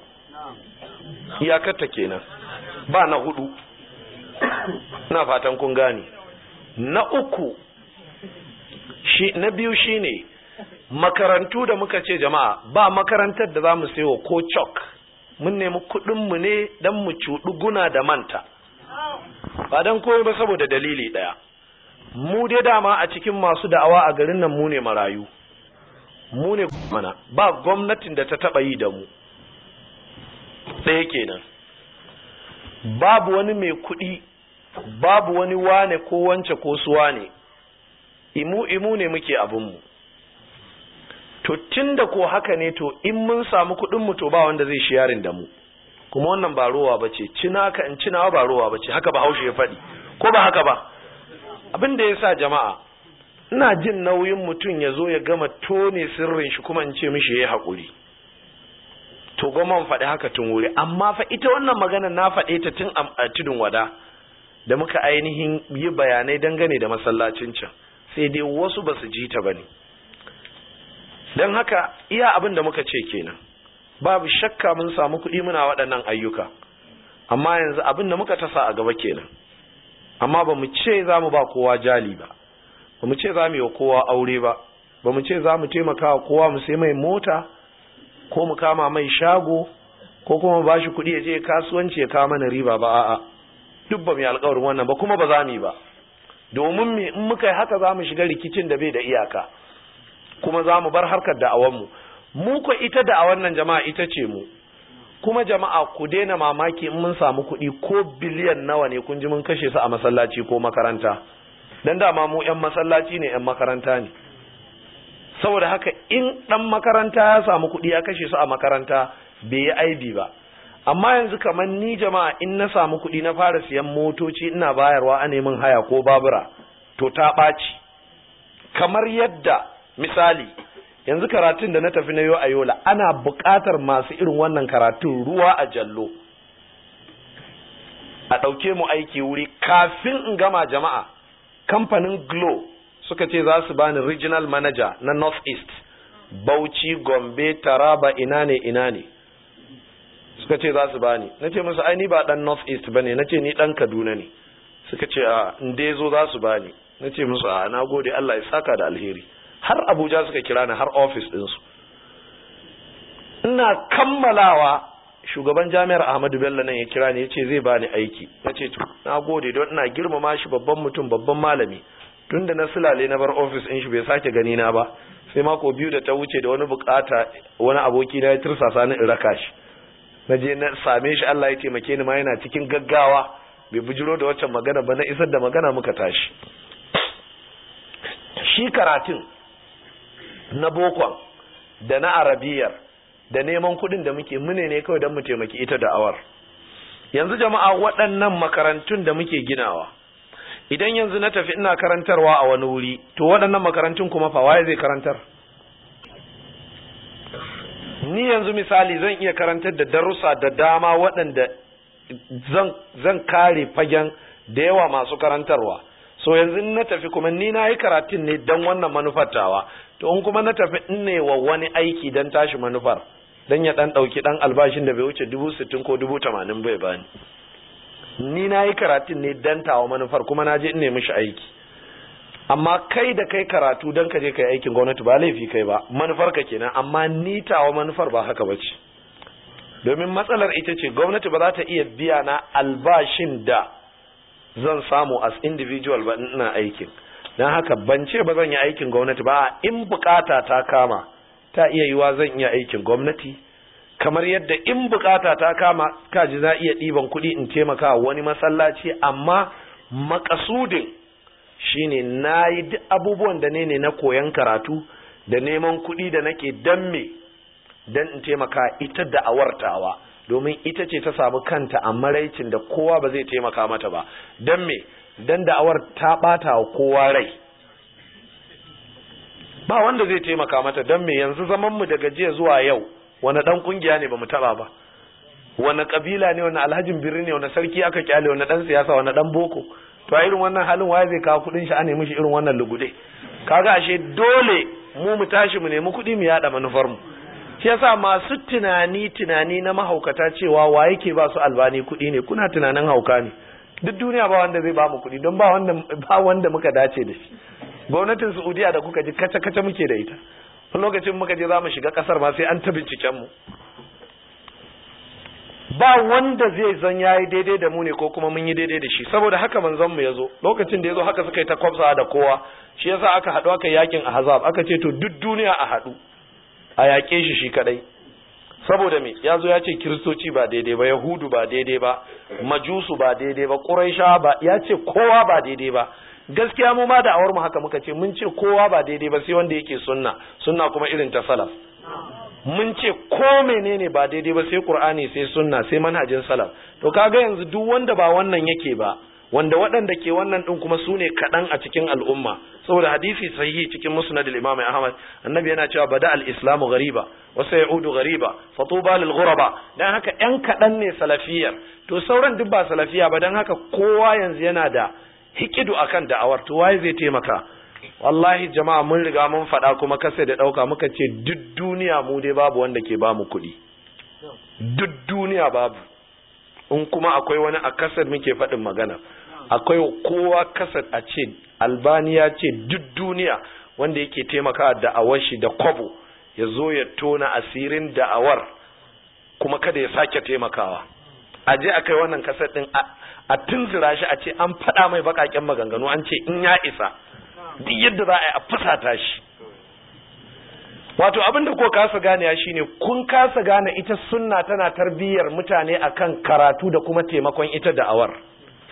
iyakar ta kenan ba na hudu ina fatan kun gane na uku shi na biyu shine makarantu da muka ce jama'a ba makarantar da za mu sayo ko chok mun nemi kuɗin mu ne dan mu cudu guna da manta ba don komai ba saboda dalili ɗaya. mu dai dama a cikin masu da'awa a garin nan mu ne marayu mu ne mana ba gwamnatin da ta taba yi da mu ɗaya kenan babu wani mai kuɗi babu wani wane ko wance ko suwa ne imu imu ne muke abinmu to tun da ko haka ne to in mun samu kuɗinmu to ba wanda zai shiyarin da mu kuma wannan ba ruwa bace ce cinaka in cinawa ba rowa bace haka ba haushe ya faɗi ko ba haka ba abin da ya sa jama'a ina jin nauyin mutum ya zo ya gama tone sirrin shi kuma in ce mishi ya yi hakuri to goma faɗi haka tun wuri amma fa ita wannan magana na faɗe ta tun a tudun wada da muka ainihin yi bayanai dangane da masallacin can sai dai wasu ba su ji ta ba ne don haka iya abin da muka ce kenan babu shakka mun samu kuɗi muna waɗannan ayyuka amma yanzu abin da muka tasa a gaba kenan amma ba mu ce za mu ba kowa jali ba ba mu ce za mu yi wa kowa aure ba ba mu ce za mu taimaka wa kowa mu sai mai mota ko mu kama mai shago ko kuma ba shi kuɗi ya je kasuwanci ya kama na riba ba a'a duk ba mu yi alƙawarin wannan ba kuma ba za mu yi ba domin in muka yi haka za mu shiga rikicin da bai da iyaka kuma za mu bar harkar mu. mu ko ita da a wannan jama'a ita ce mu kuma jama'a ku daina mamaki in mun samu kuɗi ko biliyan nawa ne kun ji mun kashe su a masallaci ko makaranta dan dama mu yan masallaci ne yan makaranta ne saboda haka in ɗan makaranta ya samu kuɗi ya kashe su a makaranta bai yi aibi ba amma yanzu kamar ni jama'a in na samu kuɗi na fara siyan motoci ina bayarwa a neman haya ko babura to ta ɓaci kamar yadda misali yanzu karatun da na tafi na yau a yola ana buƙatar masu irin wannan karatun ruwa a jallo a ɗauke mu aiki wuri kafin in gama jama'a kamfanin glo suka ce za su bani regional manager na north east bauchi gombe taraba ina ne ina ne suka ce za su bani na ce musu ai ni ba dan north east ba ne na ce ni dan kaduna ne suka ce a inda zo za su bani na ce musu a na gode allah ya saka da alheri har abuja suka kira ni har ofis ɗinsu ina kammalawa shugaban jami'ar ahmadu bello nan ya kira ni ya ce zai bani aiki na ce na gode don ina girmama shi babban mutum babban malami Tunda na silale na bar ofis ɗin shi bai sake gani na ba sai mako biyu da ta wuce da wani bukata wani aboki na ya tirsasa ni in raka shi na je na same shi Allah ya taimake ni ma yana cikin gaggawa bai bujiro da waccan magana ba na isar da magana muka tashi shi karatun na bokon da na arabiyar da neman kuɗin da muke mune ne kawai don mu taimaki ita da awar yanzu jama'a waɗannan makarantun da muke ginawa idan yanzu na tafi ina karantarwa a wani wuri to waɗannan makarantun kuma fa waye zai karantar ni yanzu misali zan iya karantar da darussa da dama waɗanda zan kare fagen da yawa masu karantarwa so yanzu na tafi kuma ni na yi karatun ne don wannan manufatawa to in kuma na tafi in ne wa wani aiki dan tashi manufar dan ya dan dauki dan albashin da bai wuce dubu sittin ko dubu tamanin bai bani ni na yi karatun ne dan tawa manufar kuma na je in nemi shi aiki amma kai da kai karatu dan ka je kai aikin gwamnati ba laifi kai ba manufar ka kenan amma ni tawa manufar ba haka bace domin matsalar ita ce gwamnati ba za ta iya biya na albashin da zan samu as individual ba ina aikin Na haka ban ce ba zan yi aikin gwamnati ba in bukata ta kama ta iya yiwa zan iya aikin gwamnati kamar yadda in bukata ta kama kaji za iya ɗiban kuɗi in taimaka wani masallaci amma makasudin shine na yi duk abubuwan da ne na koyan karatu da neman kuɗi da nake don me don in taimaka ita da awartawa domin ita ce ta samu kanta a maraicin da kowa ba zai taimaka mata ba don me dan da'awar ta bata wa kowa rai ba wanda zai taimaka mata dan me yanzu zaman mu daga jiya zuwa yau wani dan kungiya ne mu taba ba wani kabila ne wani alhajin birni ne wani sarki aka kyale wani dan siyasa wani dan boko to irin wannan halin waye zai kawo kudin shi a nemi shi irin wannan lugude kaga ashe dole mu mu tashi mu nemi kudi mu yada manufar mu shi yasa masu tunani tunani na mahaukata cewa wa yake ba su albani kudi ne kuna tunanin hauka ne duk duniya ba wanda zai ba mu kuɗi don ba wanda muka dace da shi gwamnatin Saudiya da kuka ji kaca kace muke da ita lokacin muka je za mu shiga kasar ma sai an ta binciken mu ba wanda zai zan yi daidai da mu ne ko kuma mun yi daidai da shi saboda haka manzon mu ya zo, lokacin da ya zo haka suka yi ta kwamsa da kowa shi yasa aka haɗu aka yakin ahzab aka ce to duk duniya a haɗu a yaƙe shi shi kaɗai. saboda me ya zo ya ce kiristoci ba daidai ba yahudu ba daidai ba majusu ba daidai ba ƙuraisha ba ya ce kowa ba daidai ba gaskiya mu ma da awar mu haka muka ce mun ce kowa ba daidai ba sai wanda yake sunna sunna kuma irin ta salaf mun ce ko menene ba daidai ba sai qur'ani sai sunna sai manhajin salaf to kaga yanzu duk wanda ba wannan yake ba wanda waɗanda ke wannan ɗin kuma su ne kaɗan a cikin al'umma saboda hadisi sahihi cikin musnad al ahmad annabi yana cewa bada al-islamu ghariba wa sayudu ghariba fa tuba lil haka ɗan kaɗan ne salafiyar to sauran duk ba salafiya ba dan haka kowa yanzu yana da hikidu akan da'awar to waye zai taimaka wallahi jama'a mun riga mun faɗa kuma kasa da ɗauka muka ce duk duniya mu dai babu wanda ke ba mu kuɗi duk duniya babu in kuma akwai wani a kasar muke faɗin magana akwai kowa kasar a ce albaniya ce duk duniya wanda yake taimaka da'awar shi da kwabo ya zo ya tona asirin da awar kuma kada ya sake taimakawa a je a kai wannan kasar ɗin a tunzura shi a ce an faɗa mai baƙaƙen maganganu an ce in ya isa duk yadda za a yi a fusata shi wato abin da ko kasa gane ya shine kun kasa gane ita sunna tana tarbiyyar mutane akan karatu da kuma taimakon ita da'awar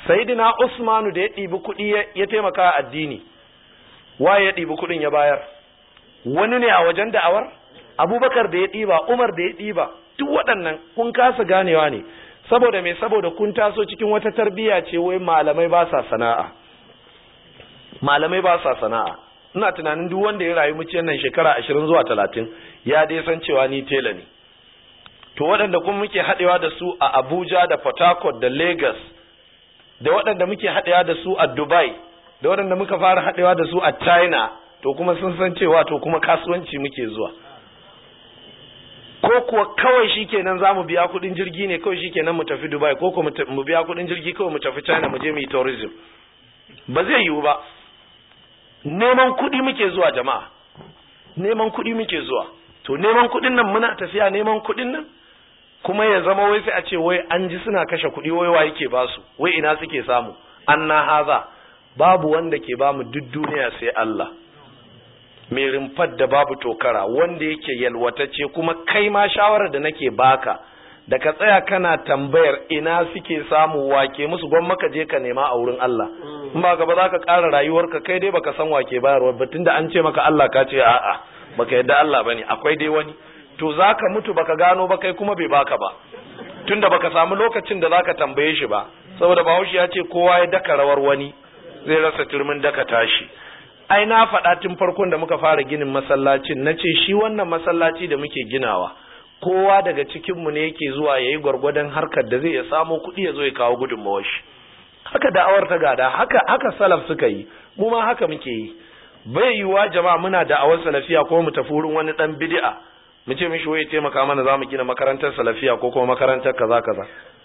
sayyidina usmanu da ya dibi kuɗi ya taimaka addini wa ya dibi kuɗin ya bayar wani ne a wajen da'awar abubakar da ya ɗiba umar da ya ɗiba duk waɗannan kun kasa ganewa ne saboda me saboda kun taso cikin wata tarbiyya ce wai malamai ba sa sana'a malamai ba sa sana'a ina tunanin duk wanda ya rayu muciyan nan shekara ashirin zuwa talatin ya dai san cewa ni tela ne to waɗanda kuma muke haɗewa da su a abuja da port harcourt da lagos da waɗanda muke haɗewa da su a dubai da waɗanda muka fara haɗewa da su a china to kuma sun san cewa to kuma kasuwanci muke zuwa ko kuwa kawai shi nan za mu biya kuɗin jirgi ne kawai shi nan mu tafi dubai ko kuma mu biya kuɗin jirgi kawai mu tafi china mu je mu yi tourism ba zai yiwu ba neman kuɗi muke zuwa jama'a neman kuɗi muke zuwa to neman kuɗin nan muna tafiya neman kuɗin nan kuma ya zama wai sai a ce wai an ji suna kashe kuɗi wai wa yake ba su wai ina suke samu an na haza babu wanda ke ba mu duk duniya sai Allah mai rumfar da babu tokara wanda yake yalwatacce kuma kai ma shawarar da nake baka da ka tsaya kana tambayar ina suke samu wake musu gwan maka je ka nema a wurin Allah mm. in ba gaba za ka ƙara rayuwarka kai dai baka san wake bayarwa ba tunda an ce maka Allah ka ce a'a baka yadda Allah bane akwai dai wani to za ka mutu baka gano ba kai kuma bai baka ba tunda baka samu lokacin da zaka tambaye shi ba saboda bahaushe ya ce kowa ya daka rawar wani zai rasa turmin daka tashi ai na faɗa tun farkon da muka fara ginin masallacin na ce shi wannan masallaci da muke ginawa kowa daga cikinmu ne yake zuwa ya yi gwargwadon harkar da zai ya samo kuɗi ya zo ya kawo gudunmawar shi haka da'awar ta gada haka haka salaf suka yi mu ma haka muke yi bai yiwuwa jama'a muna da'awar salafiya ko mu tafi wurin wani dan bid'a mu ce mishi waye taimaka mana za mu gina makarantar salafiya ko kuma makarantar kaza kaza